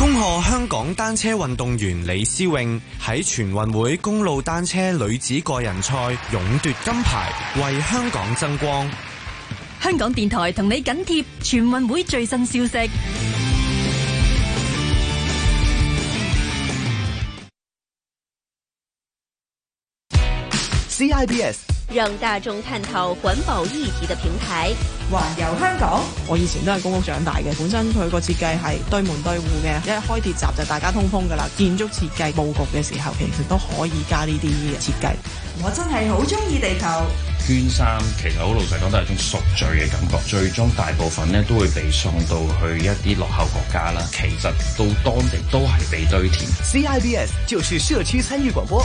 恭賀香港單車運動員李思穎喺全運會公路單車女子個人賽勇奪金牌，為香港爭光！香港電台同你緊貼全運會最新消息。CIBS 讓大眾探討環保議題的平台，環遊香港。我以前都係公屋長大嘅，本身佢個設計係對門對戶嘅，一開鐵閘就大家通風噶啦。建築設計布局嘅時候，其實都可以加呢啲設計。我真係好中意地球捐衫，其實好老實講都係一種贖罪嘅感覺。最終大部分咧都會被送到去一啲落後國家啦，其實到當地都係被堆填。CIBS 就是社區參與廣播。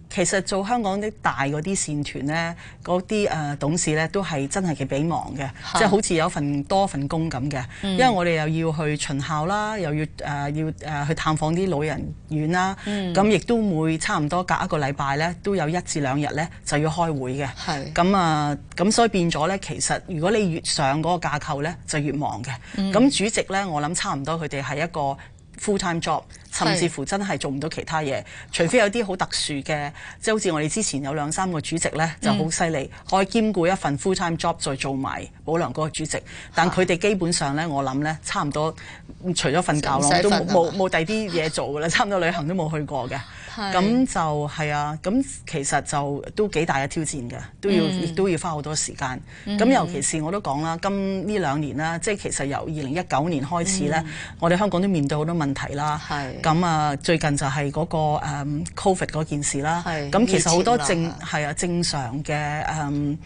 其實做香港啲大嗰啲線團呢，嗰啲誒董事呢都係真係幾比忙嘅，的即係好似有份多份工咁嘅。嗯、因為我哋又要去巡校啦，又要誒要、呃呃呃呃呃、去探訪啲老人院啦，咁亦、嗯、都每差唔多隔一個禮拜呢，都有一至兩日呢就要開會嘅。係咁啊，咁、呃、所以變咗呢，其實如果你越上嗰個架構呢，就越忙嘅。咁、嗯、主席呢，我諗差唔多佢哋係一個 full time job。甚至乎真係做唔到其他嘢，的除非有啲好特殊嘅，即係好似我哋之前有兩三個主席呢、嗯、就好犀利，可以兼顧一份 full time job 再做埋保良嗰個主席，但佢哋基本上呢，我諗呢差唔多。除咗瞓覺咯，都冇冇第啲嘢做噶啦。差唔多旅行都冇去過嘅，咁是就係啊。咁其實就都幾大嘅挑戰嘅，都要亦、嗯、都要花好多時間。咁、嗯、尤其是我都講啦，今呢兩年啦，即係其實由二零一九年開始咧，嗯、我哋香港都面對好多問題啦。咁是啊，最近就係嗰、嗰個、嗯、Covid 嗰件事啦。咁是，其實好多正係啊正常嘅誒、嗯，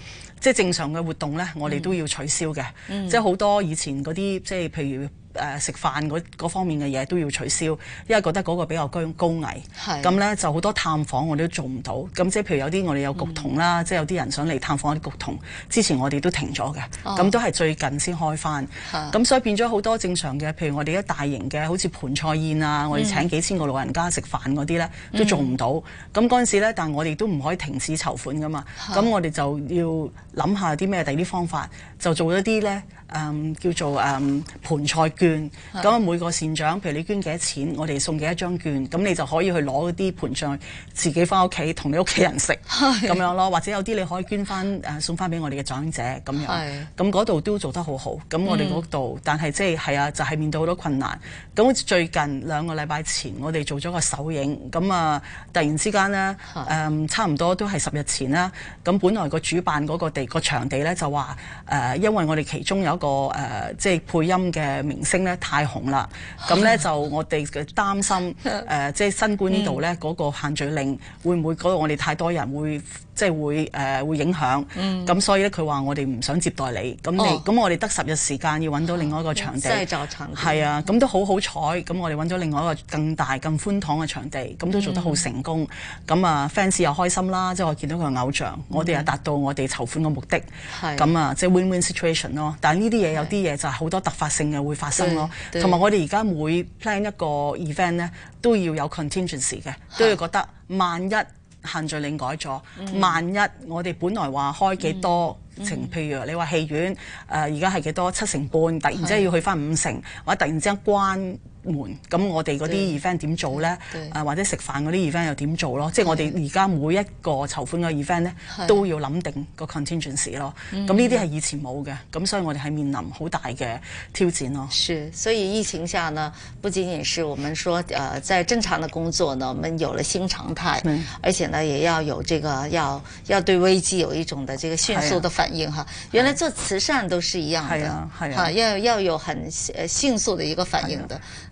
即係正常嘅活動咧，我哋都要取消嘅。嗯、即係好多以前嗰啲，即係譬如。誒、呃、食飯嗰方面嘅嘢都要取消，因為覺得嗰個比較高高危。咁是呢就好多探訪我哋都做唔到，咁即係譬如有啲我哋有局同啦，嗯、即係有啲人想嚟探訪啲局同，之前我哋都停咗嘅，咁、哦、都係最近先開翻。咁是所以變咗好多正常嘅，譬如我哋一大型嘅，好似盤菜宴啊，嗯、我哋請幾千個老人家食飯嗰啲呢，嗯、都做唔到。咁嗰陣時呢，但我哋都唔可以停止籌款噶嘛。咁是我哋就要諗下啲咩第啲方法。就做咗啲咧，誒、嗯、叫做誒、嗯、盆菜券，咁是每個善長，譬如你捐幾多錢，我哋送幾多張券，咁你就可以去攞嗰啲盆菜，自己翻屋企同你屋企人食，咁是樣咯。或者有啲你可以捐翻送翻俾我哋嘅長者咁樣。咁嗰度都做得好好。咁我哋嗰度，嗯、但係即係啊，就係、是、面對好多困難。咁最近兩個禮拜前，我哋做咗個首映，咁啊，突然之間咧，誒是、嗯、差唔多都係十日前啦。咁本來個主辦嗰個地個場地咧，就話誒。因為我哋其中有一個、呃、即係配音嘅明星咧太紅啦，咁咧 就我哋嘅擔心誒、呃，即係新冠呢度咧嗰個限聚令會唔會嗰個我哋太多人會？即係會誒、呃、會影響，咁、嗯、所以咧佢話我哋唔想接待你，咁你咁、哦、我哋得十日時間要搵到另外一個場地，即係做場地，係啊，咁、嗯、都好好彩，咁我哋搵到另外一個更大、更寬敞嘅場地，咁都做得好成功，咁、嗯、啊 fans 又開心啦，即係我見到佢個偶像，嗯、我哋又達到我哋籌款嘅目的，咁是啊即係、就是、win win situation 咯。但係呢啲嘢有啲嘢就係好多突發性嘅會發生咯，同埋我哋而家每 plan 一個 event 咧都要有 contingency 嘅，都要覺得萬一。限聚令改咗，萬一我哋本來話開幾多成，嗯嗯、譬如你話戲院，誒而家係幾多七成半，突然之間要去返五成，是的 或者突然之間關門咁我哋嗰啲 event 點對做咧？啊或者食飯嗰啲 event 又點做咯？對即我哋而家每一個籌款嘅 event 咧對，都要諗定個 contingency 咯。咁呢啲係以前冇嘅，咁所以我哋係面臨好大嘅挑戰咯。是，所以疫情下呢，不僅僅，僅是我們說、呃，在正常的工作呢，我們有了新常態，是而且呢，也要有這個要要對危機有一種的這個迅速的反應哈。啊、原來做慈善都是一樣嘅，係啊，啊要要有很迅速的一個反應的。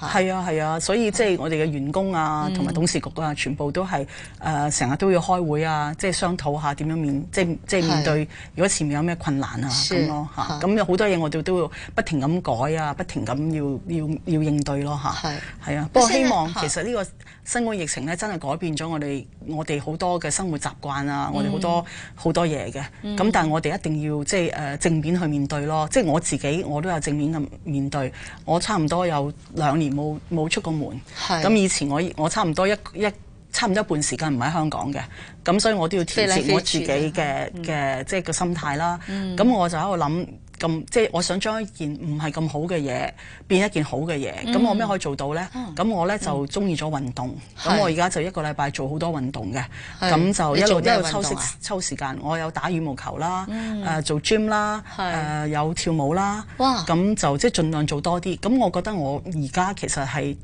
係啊係啊，所以即係我哋嘅員工啊，同埋董事局啊，嗯、全部都係誒成日都要開會啊，即係商討下點樣面，即係即係面對如果前面有咩困難啊咁是咯咁、啊、有好多嘢我哋都要不停咁改啊，不停咁要要要應對咯啊，啊不過希望其實呢個新冠疫情咧真係改變咗我哋我哋好多嘅生活習慣啊，嗯、我哋好多好多嘢嘅。咁、嗯、但係我哋一定要即係誒正面去面對咯。即係我自己我都有正面咁面對，我差唔多有兩年。而冇冇出過門，咁是以前我我差唔多一一差唔多一半時間唔喺香港嘅，咁所以我都要調節我自己嘅嘅即係個心態啦。咁、嗯、我就喺度諗。咁即係我想將一件唔係咁好嘅嘢變一件好嘅嘢，咁、嗯、我咩可以做到呢？咁、嗯嗯、我呢就中意咗運動，咁是我而家就一個禮拜做好多運動嘅，咁是就一路一路、啊、抽時間間，我有打羽毛球啦、嗯呃，做 gym 啦是、呃，有跳舞啦，咁哇就即係、就是、盡量做多啲。咁我覺得我而家其實係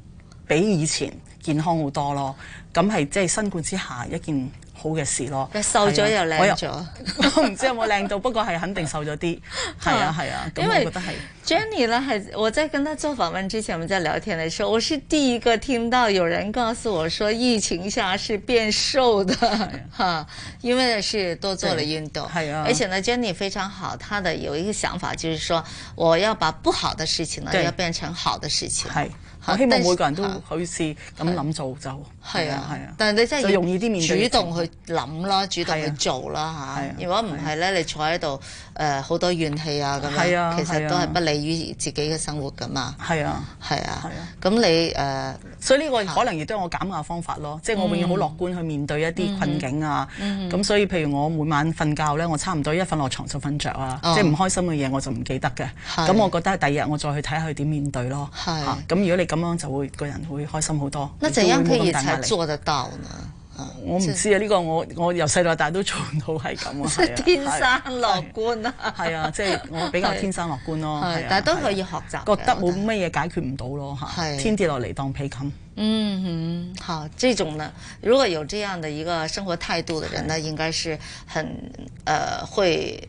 比以前健康好多咯，咁係即係新冠之下一件好嘅事咯，瘦咗又靚咗、啊，我唔知有冇靚到， 不過係肯定瘦咗啲。係啊係啊，啊啊因為我覺得係 Jenny 呢，我在跟佢做訪問之前，我們在聊天嘅時候，我是第一個聽到有人告訴我，說疫情下是變瘦的，哈、啊，因為是多做了運動，啊，而且呢 Jenny 非常好，她的有一個想法，就是說我要把不好的事情呢，對要變成好的事情。我希望每個人都好似咁諗做就。係啊，係啊，但係你真係容易啲面主動去諗啦，主動去做啦嚇。如果唔係咧，你坐喺度誒好多怨氣啊咁樣，其實都係不利於自己嘅生活噶嘛。係啊，係啊，咁你誒，所以呢個可能亦都係我減壓方法咯。即係我永遠好樂觀去面對一啲困境啊。咁所以譬如我每晚瞓覺咧，我差唔多一瞓落床就瞓着啊，即係唔開心嘅嘢我就唔記得嘅。咁我覺得第二日我再去睇下佢點面對咯。咁如果你咁樣就會個人會開心好多。做得到呢？我唔知啊，呢、這個我我由細到大都做到係咁啊， 天生樂觀啊，係啊，即係、啊啊就是、我比較天生樂觀咯，但係都可以學習，啊、覺得冇乜嘢解決唔到咯，吓、啊，啊、天跌落嚟當被冚，嗯哼，吓，呢種呢。如果有這樣的一個生活態度的人呢，呢應該是很，呃，會。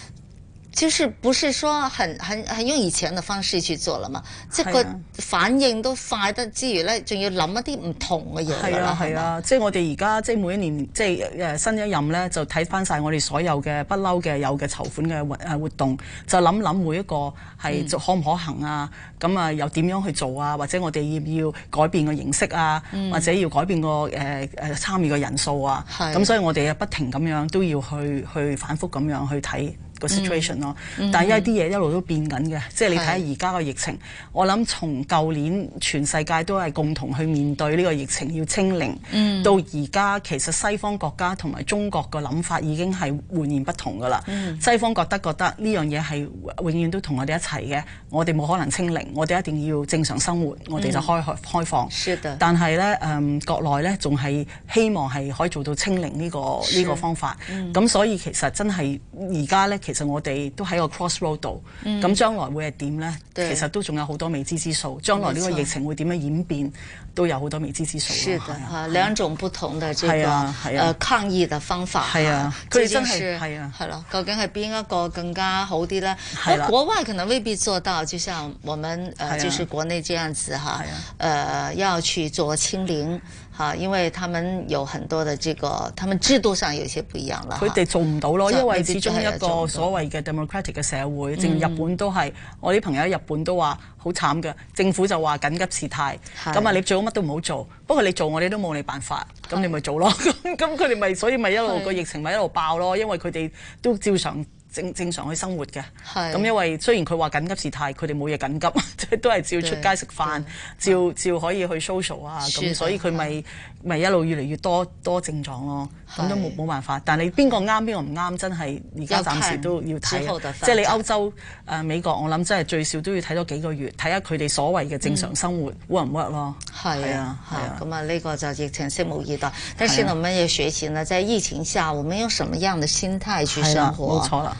就是不是說很很很用以前的方式去做了嘛？即係個反應都快得之餘呢，仲要諗一啲唔同嘅嘢。係啊係啊，是啊是吧即係我哋而家即係每一年即係、呃、新一任呢，就睇翻晒我哋所有嘅不嬲嘅有嘅籌款嘅、呃、活動，就諗諗每一個係可唔可行啊？咁啊又點樣去做啊？或者我哋要唔要改變個形式啊？嗯、或者要改變個誒誒、呃、參與嘅人數啊？咁是、嗯、所以我哋啊不停咁樣都要去去反覆咁樣去睇。個 situation 咯，嗯、但係一啲嘢一路都變緊嘅，嗯、即係你睇下而家個疫情，是我諗從舊年全世界都係共同去面對呢個疫情要清零，嗯、到而家其實西方國家同埋中國個諗法已經係煥然不同㗎啦。嗯、西方覺得覺得呢樣嘢係永遠都同我哋一齊嘅，我哋冇可能清零，我哋一定要正常生活，我哋就開、嗯、開放。是的 但係咧誒國內咧仲係希望係可以做到清零呢、呢個呢是個方法，咁、嗯、所以其實真係而家咧。其實我哋都喺個 crossroad 度，咁將來會係點咧？對，其實都仲有好多未知之數，將來呢個疫情會點樣演變？都有好多未知之數，係嘅，兩種不同的這個抗疫嘅方法。係啊，佢真係，係啊，係咯，究竟係邊一個更加好啲咧？喺國外可能未必做到，就像我們，誒，就是國內這樣子吓，係要去做清零吓，因為，他們有很多的這個，他們制度上有些不一樣啦。佢哋做唔到咯，因為始終係一個所謂嘅 democratic 嘅社會，正日本都係，我啲朋友喺日本都話好慘嘅，政府就話緊急事態，咁啊你做。乜都唔好做，不過你做我哋都冇你辦法，咁你咪做咯。咁咁佢哋咪所以咪一路個是的 疫情咪一路爆咯，因為佢哋都照常。正正常去生活嘅，咁因為雖然佢話緊急事態，佢哋冇嘢緊急，即都係照出街食飯，照照可以去 social 啊，咁所以佢咪咪一路越嚟越多多症狀咯，咁都冇冇辦法。但係你邊個啱邊個唔啱，真係而家暫時都要睇，即係你歐洲啊美國，我諗真係最少都要睇多幾個月，睇下佢哋所謂嘅正常生活 work 唔 work 咯。係啊，係啊，咁啊呢個就疫情係冇會嘅。但是呢，我們要學習呢，在疫情下，我們用什麼樣嘅心態去生活？冇錯啦。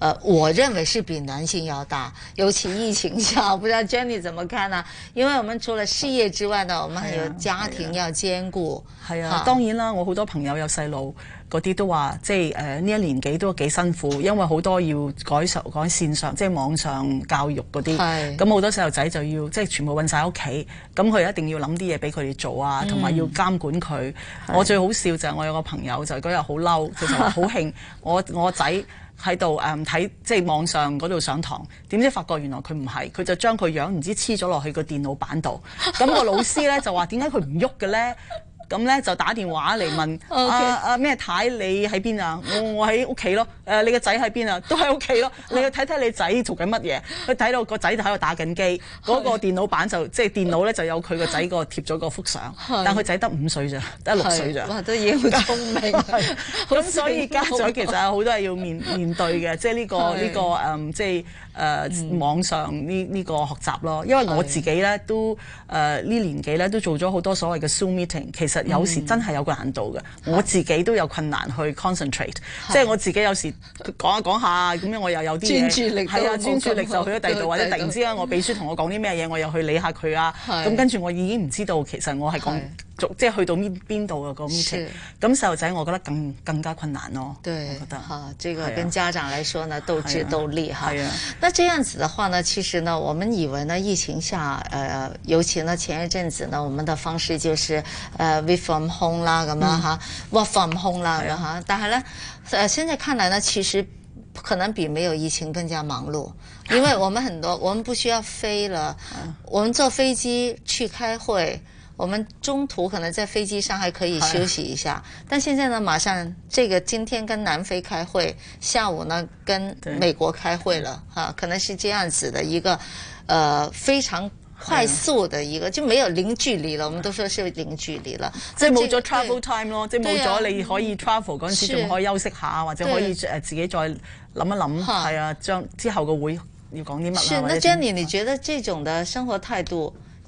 呃、我認為是比男性要大，尤其疫情下，我不知道 Jenny 怎麼看啊，因為，我們除了事業之外呢，我們還有家庭要兼顧。係啊，啊啊啊當然啦，我好多朋友有細路，嗰啲都話即係呢、呃、一年幾都幾辛苦，因為好多要改改綫上，即係網上教育嗰啲。咁好是多細路仔就要即係全部困晒喺屋企，咁佢一定要諗啲嘢俾佢哋做啊，同埋、嗯、要監管佢。是我最好笑就係我有個朋友就嗰日好嬲，就話好興， 我我仔喺度誒睇即係網上嗰度上堂，點知發覺原來佢唔係，佢就將佢樣唔知黐咗落去個電腦板度，咁個老師咧就話點解佢唔喐嘅咧？咁咧就打電話嚟問阿啊咩太，你喺邊啊？啊太太，我我喺屋企咯。誒、啊，你個仔喺邊啊？都喺屋企咯。你去睇睇你仔做緊乜嘢？佢睇到個仔就喺度打緊機，嗰、那個電腦板就是即係電腦咧就有佢個仔個貼咗個幅相。是但佢仔得五歲咋，得六歲咋。都已經好聰明。咁 所以家長其實有好多係要面 面對嘅，即係呢、這個呢是、這個誒、嗯，即係誒，網上呢，呢個學習咯，因為我自己咧都，誒呢年紀咧都做咗好多所謂嘅 zoom meeting，其實有時真係有個難度嘅，我自己都有困難去 concentrate，即係我自己有時講下講下咁樣，我又有啲專注力，係啊，專注力就去咗第二度，或者突然之間我秘書同我講啲咩嘢，我又去理下佢啊，咁跟住我已經唔知道其實我係講。即係去到邊邊度嘅個 meeting，咁細路仔我覺得更更加困難咯。對，覺得嚇，呢個跟家長來說呢，鬥智鬥力係啊，那這樣子的話呢，其實呢，我們以為呢疫情下，呃尤其呢前一陣子呢，我們的方式就是呃 We from home 啦咁樣 work from home 啦咁嚇。但係呢，誒，現在看來呢，其實可能比沒有疫情更加忙碌，因為我們很多，我們不需要飛了，我們坐飛機去開會。我們中途可能在飛機上還可以休息一下，但現在呢，馬上這個今天跟南非開會，下午呢跟美國開會了，哈，可能是這樣子的一個，呃，非常快速的一個就沒有零距離了。我們都說是零距離了，即係冇咗 travel time 咯，即係冇咗你可以 travel 嗰陣時仲可以休息下，或者可以自己再諗一諗，係啊，將之後嘅會要講啲乜？是，那 Jenny，你覺得這種的生活態度？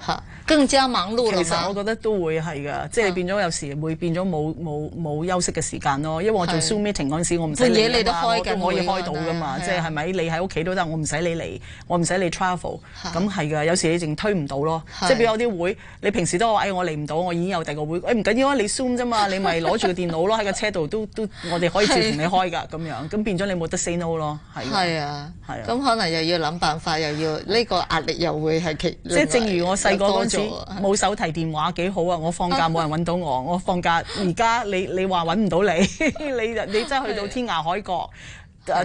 吓，更加忙碌。其實我覺得都會係噶，即係變咗有時會變咗冇冇冇休息嘅時間咯。因為我做 zoom meeting 嗰陣時，我唔使嘢你嚟都開嘅，可以開到噶嘛。即係係咪你喺屋企都得，我唔使你嚟，我唔使你 travel，咁係噶的。有時你淨推唔到咯，是的即係比如有啲會，你平時都話，哎，我嚟唔到，我已經有第個會，哎唔緊要啊，你 zoom 啫嘛，你咪攞住個電腦咯，喺 個車度都都，我哋可以直同你開噶咁樣，咁變咗你冇得 say no 咯。係啊，係啊，咁可能又要諗辦法，又要呢個壓力又會係其即例如我細個嗰陣冇手提電話幾好啊！我放假冇人揾到我，我放假，而家你你話揾唔到你，你你真係去到天涯海角。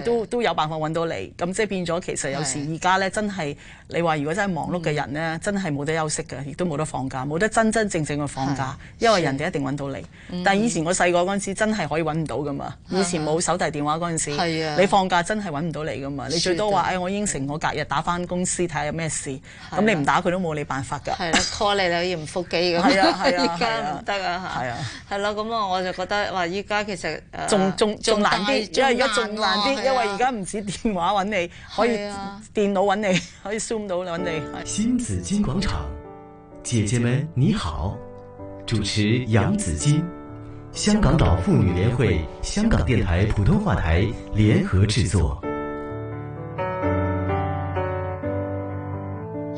都都有辦法揾到你，咁即係變咗其實有時而家咧真係你話如果真係忙碌嘅人咧，真係冇得休息嘅，亦都冇得放假，冇得真真正正嘅放假，因為人哋一定揾到你。但係以前我細個嗰陣時真係可以揾唔到噶嘛，以前冇手提電話嗰陣時，你放假真係揾唔到你噶嘛，你最多話誒我應承我隔日打翻公司睇下有咩事，咁你唔打佢都冇你辦法㗎。係啦，call 你你又唔復機㗎。係啊係啊，而家唔得啊嚇。係啊，係咯，咁啊我就覺得話依家其實仲仲仲難啲，因為而家仲難啲。因為而家唔止電話揾你，可以電腦揾你，可以 zoom 到揾你。啊、新紫荊廣場，姐姐們你好，主持楊子矜，香港島婦女聯會，香港電台普通話台聯合製作。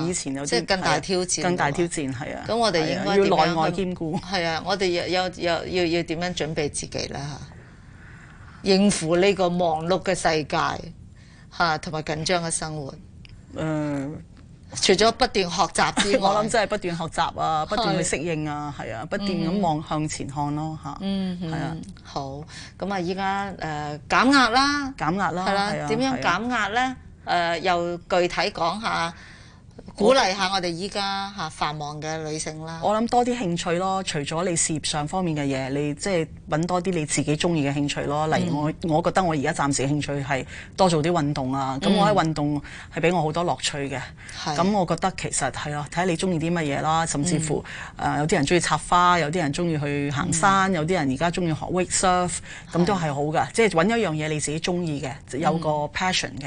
以前有即係更大挑戰，更大挑戰係啊。咁我哋應該點樣？要內外兼顧係啊。我哋又又又要要點樣準備自己呢？吓，應付呢個忙碌嘅世界吓，同埋緊張嘅生活。嗯，除咗不斷學習之外，我諗真係不斷學習啊，不斷去適應啊，係啊，不斷咁望向前看咯吓，嗯，係啊，好咁啊！依家誒減壓啦，減壓啦，係啦。點樣減壓咧？誒，又具體講下。鼓勵下我哋依家吓繁忙嘅女性啦。我諗多啲興趣咯，除咗你事業上方面嘅嘢，你即係揾多啲你自己中意嘅興趣咯。例如我，嗯、我覺得我而家暫時嘅興趣係多做啲運動啊。咁、嗯、我喺運動係俾我好多樂趣嘅。咁是我覺得其實係啊，睇下你中意啲乜嘢啦，甚至乎誒、嗯呃、有啲人中意插花，有啲人中意去行山，嗯、有啲人而家中意學 wake surf，咁都係好噶。是即係揾一樣嘢你自己中意嘅，有個 passion 嘅，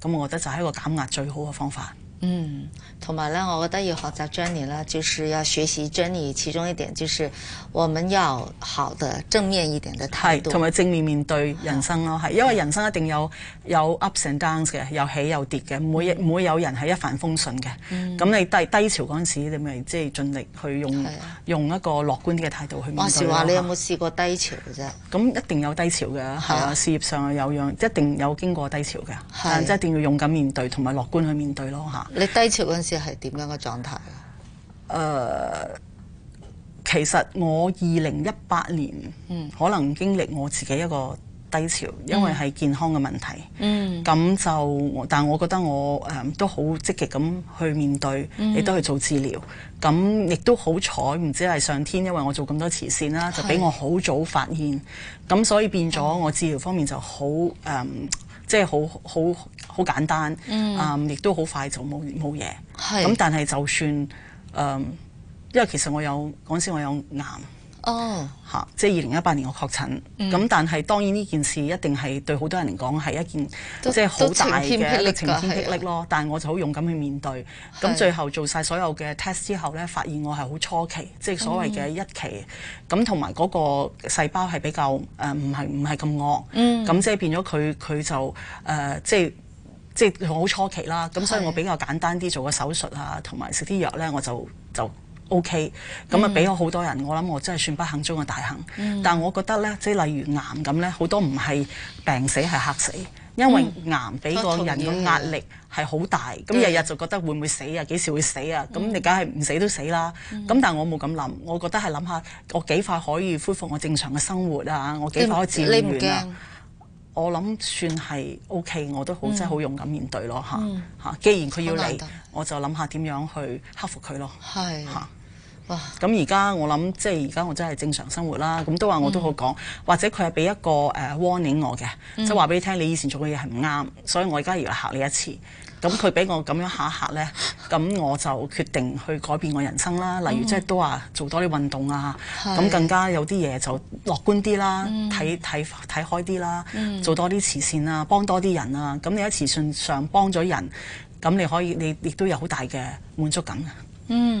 咁、嗯、我覺得就係一個減壓最好嘅方法。嗯，同埋咧，我覺得要學習 Jenny 啦，就是要學習 Jenny，其中一點就是我們要好的正面一點的態度。同埋正面面對人生咯，係的，的因為人生一定有有 ups and downs 嘅，有起有跌嘅，每、嗯、每有人係一帆風順嘅。嗯。咁你低低潮嗰陣時，你咪即係盡力去用的用一個樂觀啲嘅態度去面對。話時話你有冇試過低潮嘅啫？咁一定有低潮嘅，係啊的的，事業上有樣一定有經過低潮嘅，係的，即係的一定要勇敢面對，同埋樂觀去面對咯，吓。你低潮嗰陣時係點樣嘅狀態啊？誒，uh, 其實我二零一八年、mm. 可能經歷我自己一個低潮，因為係健康嘅問題。嗯、mm.，咁就但係我覺得我誒、嗯、都好積極咁去面對，亦都、mm. 去做治療。咁亦都好彩，唔知係上天因為我做咁多慈善啦，就俾我好早發現。咁的所以變咗我治療方面就好誒，即係好好。就是好簡單，嗯，亦都好快就冇冇嘢。咁，但係就算誒，因為其實我有講先，我有癌。哦，嚇，即係二零一八年我確診。咁但係當然呢件事一定係對好多人嚟講係一件即係好大嘅晴天霹靂咯。但係我就好勇敢去面對。咁最後做晒所有嘅 test 之後呢，發現我係好初期，即係所謂嘅一期。咁同埋嗰個細胞係比較誒，唔係唔係咁惡。嗯。咁即係變咗佢佢就誒即係。即係好初期啦，咁所以我比較簡單啲做個手術啊，同埋食啲藥咧，我就就 OK。咁啊俾咗好多人，我諗我真係算不幸中嘅大幸。嗯、但係我覺得咧，即係例如癌咁咧，好多唔係病死係嚇死，因為癌俾個人嘅壓力係好大，咁日日就覺得會唔會死啊？幾時會死啊？咁你梗係唔死都死啦。咁但係我冇咁諗，我覺得係諗下我幾快可以恢復我正常嘅生活啊，我幾快可以治療完啊。我諗算係 OK，我都好真係好勇敢面對咯嚇嚇，嗯、既然佢要嚟，我就諗下點樣去克服佢咯。係嚇是、啊、哇！咁而家我諗即係而家我真係正常生活啦。咁都話我都好講，嗯、或者佢係俾一個誒、uh, warning 我嘅，即係話俾你聽，你以前做嘅嘢係唔啱，所以我而家要嚇你一次。咁佢俾我咁樣下下呢，咁我就決定去改變我人生啦。例如即係都話做多啲運動啊，咁、mm. 更加有啲嘢就樂觀啲啦，睇睇睇開啲啦，mm. 做多啲慈善啊，幫多啲人啊。咁你喺慈善上幫咗人，咁你可以你亦都有好大嘅滿足感。嗯。Mm.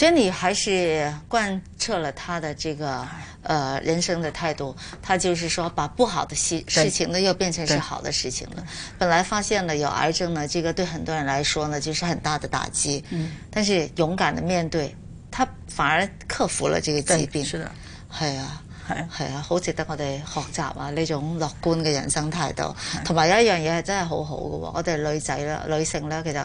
所以還是貫徹了他的這個呃人生的態度，他就是說把不好的事事情呢，對又變成是好的事情了。本來發現了有癌症呢，這個對很多人來說呢，就是很大的打擊。嗯。但是勇敢的面對，他反而克服了這個疾病。對，是的。係啊，係啊，是啊，好值得我哋學習啊！呢種樂觀嘅人生態度，同埋是有一樣嘢係真係好好嘅。我哋女仔啦，女性咧，其實。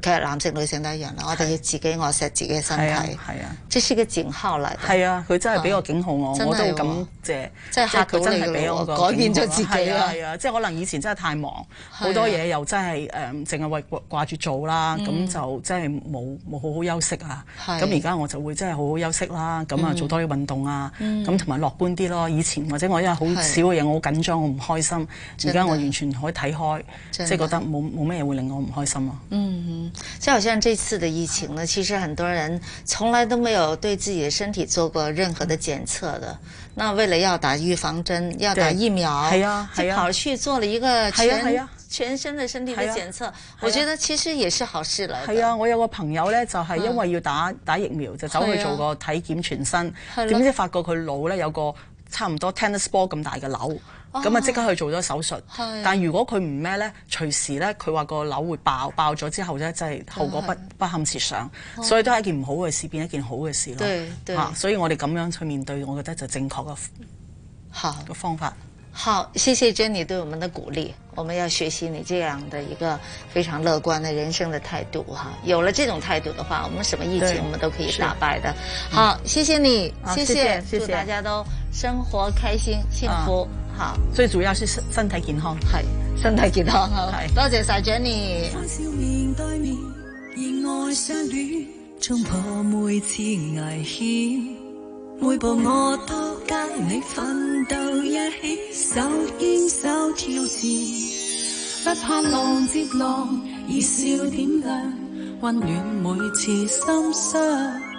其實男性女性都一樣啦，我哋要自己愛惜自己嘅身體。係啊，即使佢剪敲嚟，係啊，佢真係俾個警號我，我都感謝，即係佢真係俾我改變咗自己啊！啊，即係可能以前真係太忙，好多嘢又真係誒，淨係為掛住做啦，咁就真係冇冇好好休息啊。咁而家我就會真係好好休息啦，咁啊做多啲運動啊，咁同埋樂觀啲咯。以前或者我因為好少嘅嘢，我好緊張，我唔開心。而家我完全可以睇開，即係覺得冇冇乜嘢會令我唔開心咯。嗯。就、嗯、好像這次的疫情呢，其實很多人從來都沒有對自己的身體做過任何的檢測的。那為了要打預防針、要打疫苗，好、啊、跑去做了一個全、啊啊、全身的身體的檢測。啊啊、我覺得其實也是好事來的。係啊，我有個朋友呢，就係、是、因為要打打疫苗，就走去做個體檢全身，點、啊啊、知發覺佢腦呢，有個差唔多 tennis ball 咁大嘅瘤咁啊，即刻去做咗手術。但如果佢唔咩呢？隨時呢，佢話個瘤會爆爆咗之後呢，真係後果不不堪設想。所以都係一件唔好嘅事，變一件好嘅事咯。啊，所以我哋咁樣去面對，我覺得就正確嘅吓嘅方法。好，謝謝珍妮對我們的鼓勵，我們要學習你這樣嘅一個非常樂觀的人生嘅態度。哈，有了這種態度嘅話，我們什麼疫情，我們都可以打敗的。好，謝謝你，謝謝，祝大家都生活開心幸福。最主要是身體健康是身體健康，係身體健康係，是多謝晒 Jenny。嗯